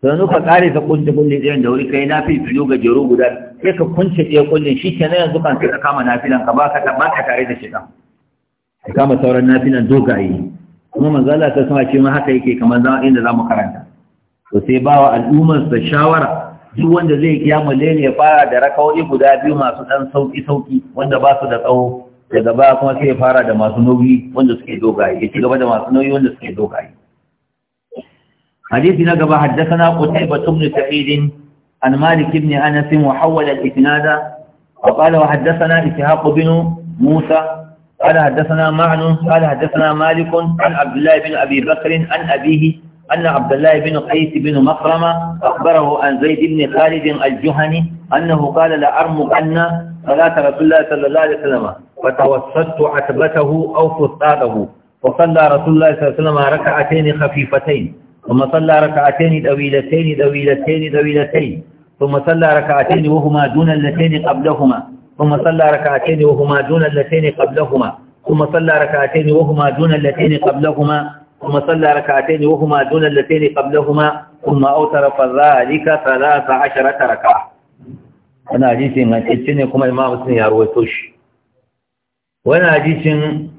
sannu ka kare ka kunce kulli daya da wuri kai na filfilo ga jero guda sai ka kunce ɗaya kullin shi ke na yanzu kan ka kama nafilan ka baka ta baka tare da shi ka kama sauran nafilan dogaye kuma manzo Allah ta sama ce ma haka yake kamar zama inda zamu karanta to sai bawa al'ummar da shawara duk wanda zai kiyama lele ya fara da rakawoyi guda biyu masu dan sauki sauki wanda ba su da tsawo daga baya kuma sai ya fara da masu nauyi wanda suke dogaye ya ci gaba da masu nauyi hadisi na gaba haddasana qutaybah ibn sa'id an malik ibn anas wa hawala al-isnada wa qala wa haddathana ishaq ibn musa qala haddathana ma'lun qala haddathana malik an abdullah ibn abi bakr an abihi أن عبد الله بن قيس بن مخرمة أخبره عن زيد بن خالد الجهني أنه قال لأرمك أن صلاة رسول الله صلى الله عليه وسلم فتوسطت عتبته أو فسطاته وصلى رسول الله صلى الله عليه وسلم ركعتين خفيفتين ثم صلى ركعتين دويلتين دويلتين دويلتين ثم صلى ركعتين وهما دون اللتين قبلهما ثم صلى ركعتين وهما دون اللتين قبلهما ثم صلى ركعتين وهما دون اللتين قبلهما ثم صلى ركعتين وهما دون اللتين قبلهما ثم أوتر فذلك ثلاث عشرة ركعة wani hadisi ingantacce ne kuma imamu sun yaro wato shi wani hadisin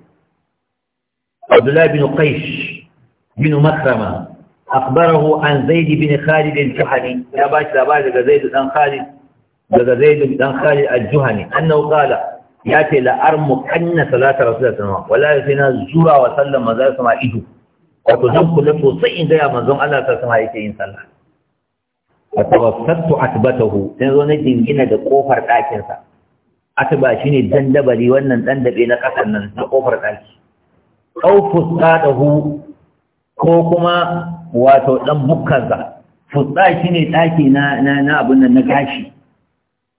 abdullahi bin qaish bin makrama akbarahu an zaidi bin khalid al-juhani ya ba shi labari daga zaid dan khalid daga juhani annahu qala ya ce la'ar mu kanna salata rasulullahi sallallahu alaihi wasallam wala yasina zura wa sallar maza su ma ido wato zan kula sosai in ya manzon Allah sallallahu alaihi wasallam yake yin sallah a tawassattu atbatahu sai zo na jingina da kofar ɗakinsa atba shi ne dandabali wannan dandabe na ƙasan nan na kofar ɗaki au fuskatahu ko kuma wato ɗan bukkansa fuska shi ne ɗaki na na abin nan na gashi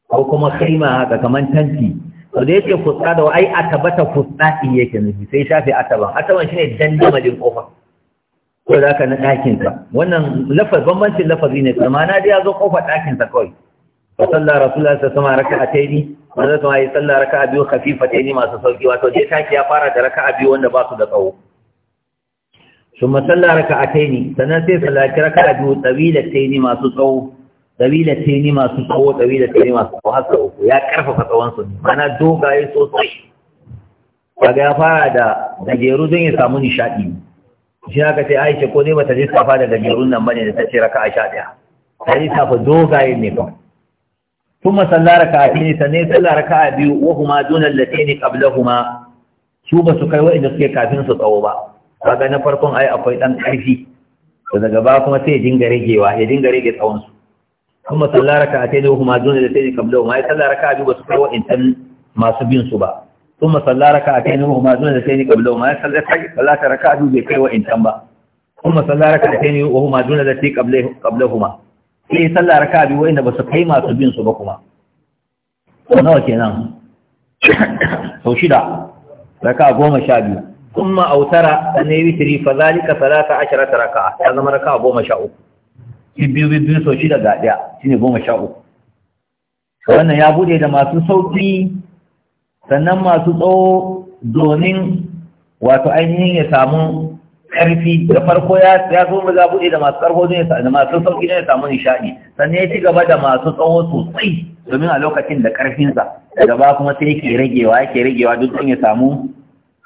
ko kuma kaima haka kamar tanti to da yake fuska da ai atabata fuska yake nufi sai shafe ataban ataban shine dandamalin kofar ko za ka na ɗakinsa wannan lafaz bambancin lafazi ne kuma na dai ya zo kofar ɗakinsa kawai fa salla rasulullah sama alaihi wasallam raka'ataini wanda sama yi salla raka'a biyu khafifataini masu sauki wato dai taki ya fara da raka'a biyu wanda ba su da tsawo summa a taini, sannan sai sallaki raka'a biyu tawilataini masu tsawo taini masu tsawo ta'ini masu tsawo haka uku ya karfafa tsawon su mana dogaye sosai kaga ya fara da gajeru don ya samu nishaɗi shi aka ce aisha ko dai bata lissafa da dabarun nan bane da ta ce raka a sha ɗaya ta lissafa dogaye ne ba ثم صلى ركعتين سنه صلى a biyu وهما دون اللتين قبلهما su ba su kai inda suke kafin su tsawo ba kaga na farkon ai akwai dan karfi daga ba kuma sai ya dinga ragewa ya dinga rage tsawon su kuma sallah raka ta ne kuma dole da sai kabla ma sallah raka biyu ba su kai inda masu bin su ba ثم صلى ركعتين وهما دون ذاتين قبله ما يصلى صلاة ركعته بكي وإن تنبى ثم صلى ركعتين وهما دون ذاتين قبله قبلهما sai sallah raka biyu wanda ba su kai masu bin su ba kuma sau nawa kenan sau shida raka goma sha biyu kuma autara ta ne witiri fa zalika salata asharata raka ta zama raka goma sha uku biyu biyu sau shida ga shine goma sha uku wannan ya bude da masu sauƙi sannan masu tsawo domin wato ainihin ya samu ƙarfi da farko ya zo mu buɗe da masu ƙarfo da masu sauƙi ne ya samu nishaɗi sannan ya ci gaba da masu tsawo sosai domin a lokacin da ƙarfinsa Gaba ba kuma sai yake ragewa yake ragewa duk don ya samu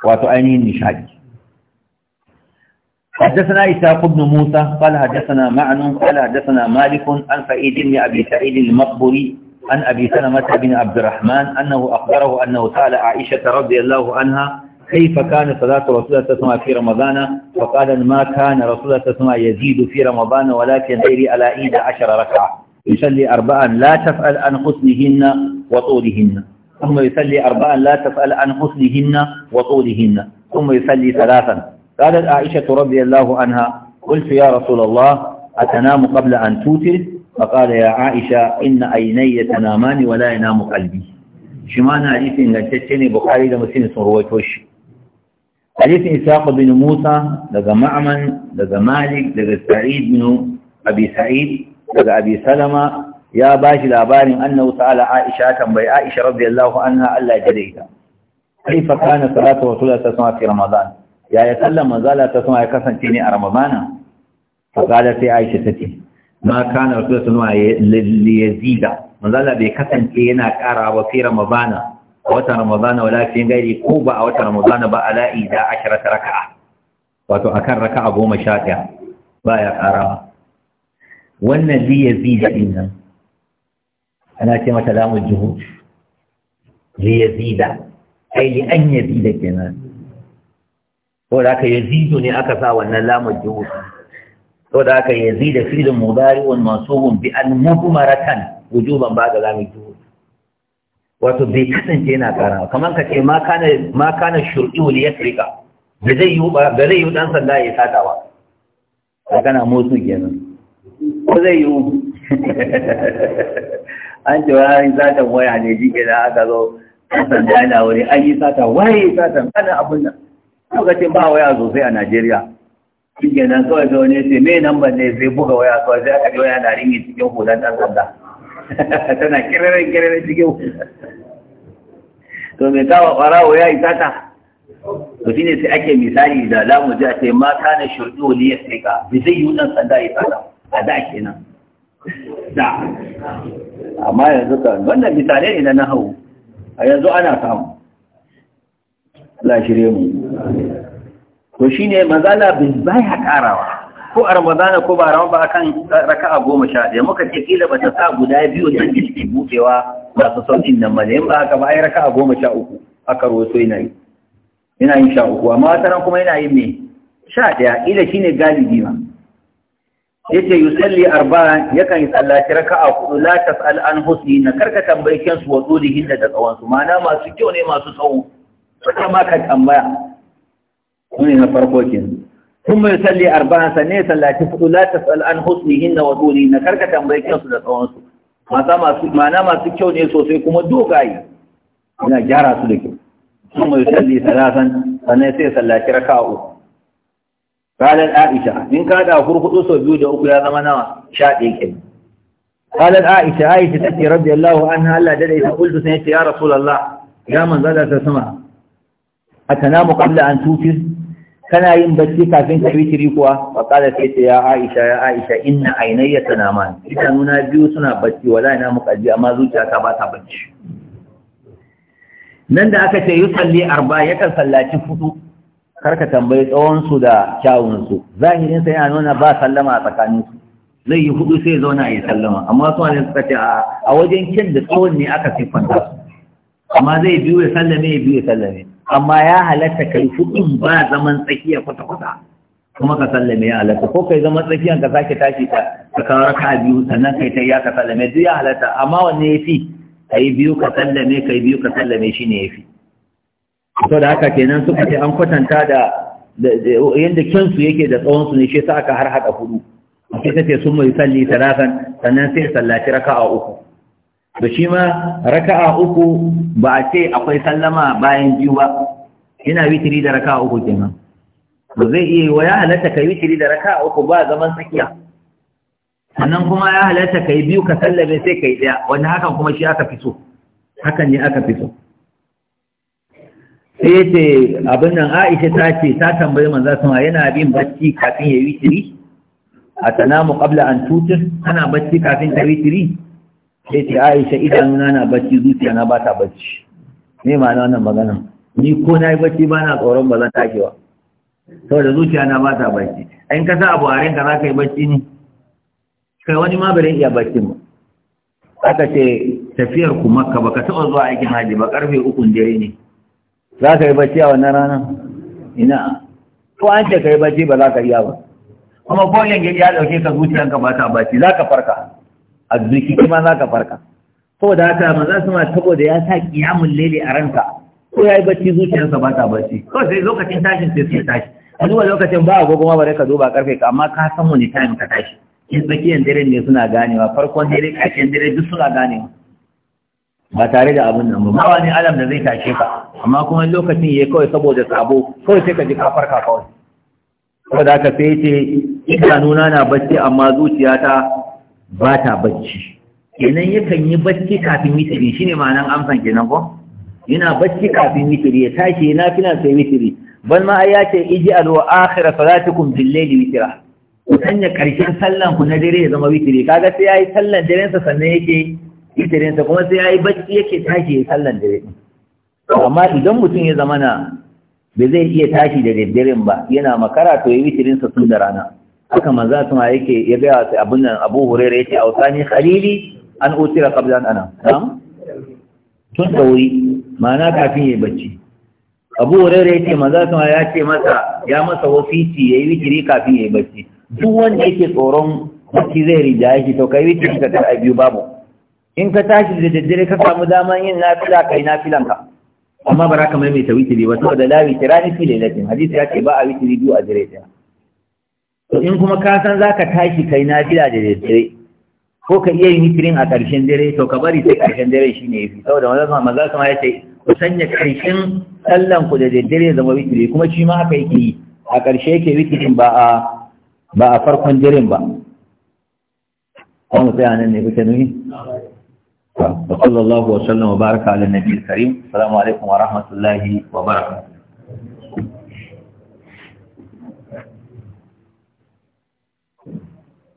wato ainihin nishaɗi حدثنا إساق بن موسى قال حدثنا معن قال حدثنا مالك عن سعيد بن أبي سعيد المقبري عن أبي سلمة بن عبد الرحمن أنه أخبره أنه سأل عائشة رضي الله عنها كيف كان صلاة رسول الله تسمع في رمضان فقال ما كان رسول الله تسمع يزيد في رمضان ولكن غير على إحدى عشر ركعة يصلي أربعا لا تسأل عن حسنهن وطولهن ثم يصلي أربعا لا تسأل عن حسنهن وطولهن ثم يصلي ثلاثا قالت عائشة رضي الله عنها قلت يا رسول الله أتنام قبل أن توتر فقال يا عائشة إن عيني تنامان ولا ينام قلبي شما حديث إن تتني بخاري لمسلم سرويتوش حديث إساق بن موسى لدى معمن لدى مالك لدى سعيد بن أبي سعيد لدى أبي سلمة يا باشي لابارن أنه تعالى عائشة تنبي عائشة رضي الله عنها ألا جديدة كيف كان صلاة رسول الله تسمع في رمضان يا يسلم ما زال تسمع كسنتيني رمضان فقالت عائشة تتي ma kana rasul sallallahu alaihi yazida manzo Allah bai kasance yana kara ba fi ramadana a watan ramadana wala fi gairi ko ba a watan ramadana ba ala ida asharata raka'a wato akan raka'a goma sha ɗaya ba ya ƙarawa wannan liyazida din nan ana ce mata lamun juhud liyazida ai li an yazida kenan ko da aka yazidu ne aka sa wannan lamun juhud saboda haka yazid fi'lun masu hun bi an maratan wujuban ba da zamu juhu wato bai kasance yana kara kamar ka ce ma kana ma wuli ya wal da zai yi ba zai yi dan sanda ya sata ba kana motsu kenan ko zai yi an ce wa yi satan waya ne ji da aka zo dan sanda na wuri an yi sata waye satan Kana abin nan lokacin ba waya sosai a Najeriya shi nan kawai sai wani ce me nan ne zai buga waya kawai sai aka ji waya na ringi cikin hudan ɗan sanda tana kirarren kirarren cikin hudan to me kawo ɓara ya isa ta to shi ne sai ake misali da lamu ji a ce ma na shurɗu wani ya ka bi zai yi wunan sanda ya tsada a da kenan da amma yanzu ka wannan misali ne na nahawu a yanzu ana samu Allah shirye mu to shine mazala bin baya karawa ko a ramadana ko ba rama ba a kan raka a goma sha ɗaya muka ce kila ba ta sa guda biyu da ke buɗewa masu sauƙin nan ba ne ba haka ba raka a goma sha uku karo so yana yi yana yin sha uku amma wata kuma yana yin mai sha ɗaya kila ne galibi ma yace yusalli arba'a yakan yi tsallaci, raka a la "Latas an husni na karka tambayi su wa tsulihin da tsawon su ma'ana masu kyau ne masu tsawo suka maka tambaya sune na farko kenan kuma mai salli arba'an sanne ya sallaci fudu la tasal an husnihin wa tulihin karka tambayi kansu da tsawonsu. mana masu kyau ne sosai kuma dogaye ina gyara su da kyau kuma mai salli salasan sannan sai ya sallaci raka'a uku قالت عائشة إن كان أخر خلص وبيود أخر هذا منا شادي كي قالت عائشة عائشة تأتي رضي الله عنها ألا دلي فقلت سنتي يا رسول الله يا من ذلك سمع أتنام قبل أن kana yin bacci kafin ka witiri kuwa wa kada sai ce ya Aisha ya Aisha inna ainayya tanaman idanuna biyu suna bacci wallahi na muqaddi amma zuciyata ba ta bacci nan da aka ce yusalli arba yakan sallaci fudu karka tambayi tsawon su da kyawun su zahirin sa ya nuna ba sallama a tsakanin su zai yi hudu sai zauna yi sallama amma su ne suka ce a wajen kin da tsawon ne aka siffanta su amma zai biyu ya sallame ya biyu ya sallame amma ya halatta kai hudun ba zaman tsakiya kwata-kwata kuma ka sallame ya halatta ko kai zaman tsakiyan ka sake tashi ka ka kawo raka biyu sannan kai ta ya ka sallame duk ya halatta amma wanne ya fi kai biyu ka sallame kai biyu ka sallame shi ne ya fi to da haka kenan suka ce an kwatanta da yadda kyansu yake da tsawonsu ne shi sa aka har haɗa hudu sai ta ce sun mai salli talatan sannan sai sallaci raka'a uku to shi ma raka'a uku ba a ce akwai sallama bayan biyu ba yana witiri da raka'a uku kenan ba zai iya wa ya halatta kai witiri da raka'a uku ba zaman tsakiya sannan kuma ya halatta kai biyu ka sallame sai kai ɗaya, wanda hakan kuma shi aka fi so hakan ne aka fito sai ce abin nan Aisha ta ce ta tambayi manzo ma. yana bin bacci kafin ya witiri a tanamu qabla an tutir ana bacci kafin ta witiri sai ce aisha idanuna na bacci zuciya na ba ta bacci me ma'ana wannan magana ni ko na yi bacci ba na tsoron ba zan takewa saboda zuciya na ba ta bacci in ka sa abu a ranka za ka yi bacci ne kai wani ma bai iya bacci ba aka ce tafiyar ku makka ba ka taɓa zuwa aikin haji ba karfe ukun dare ne za ka yi bacci a wannan ranar ina ko an ce ka yi bacci ba za ka iya ba kuma ko yanke ya ɗauke ka zuciyanka ba ta bacci za ka farka a birkici kuma za ka farka saboda haka maza su ma saboda ya sa kiyamun lele a ranka ko ya yi bacci zuciyarsa ba ta bacci ko sai lokacin tashin sai sai tashi a duba lokacin ba agogo ma bare ka duba karfe ka amma ka san wani time ka tashi in tsakiyar dare ne suna ganewa farkon dare ƙarshen dare duk suna ganewa ba tare da abin nan ba ba wani alam da zai tashe ka amma kuma lokacin ya kawai saboda sabo kawai sai ka ji ka farka kawai saboda haka sai ce nuna na bacci amma zuciyata ba ta bacci kenan yakan yi bacci kafin witiri shine ma'anan amsan kenan ko yana bacci kafin witiri ya tashi yana fina sai witiri Ban ma ya ce iji alwa akhira salatukum bil layli witira ku sanya karshen sallan ku na dare ya zama witiri kaga sai yayi sallan dare sa sannan yake witirin sa kuma sai yayi bacci yake tashi ya sallan dare amma idan mutum ya zamana bai zai iya tashi da daddaren ba yana makara to ya witirin sa sun da rana haka manzo sun yake ya ga sai abun nan Abu Hurairah yace ausani khalili an utira qabla an ana na'am tun da wuri ma'ana kafin yayi bacci Abu Hurairah yake manzo sun ya ce masa ya masa wasiti yayi wikiri kafin yayi bacci duk wanda yake tsoron bacci zai rija shi to kai wikiri ka tar biyu babu in ka tashi da daddare ka samu daman yin nafila kai nafilanka amma baraka mai ka maimaita wikiri ba saboda la wikirani fi lailatin hadisi ya ce ba a wikiri biyu a dare ɗaya to in kuma ka san za ka tashi kai na nafila da daddare ko ka iya yin hitirin a ƙarshen dare to ka bari sai ƙarshen dare shi ne yafi saboda wanda zama maza kuma ya ce ku sanya ƙarshen sallan ku da daddare zama witiri kuma shi ma haka yake yi a ƙarshe yake witirin ba a ba a farkon daren ba kuma tsaya nan ne kuke nuni wa sallallahu wa sallam wa baraka ala nabiyil karim assalamu alaikum wa rahmatullahi wa barakatuh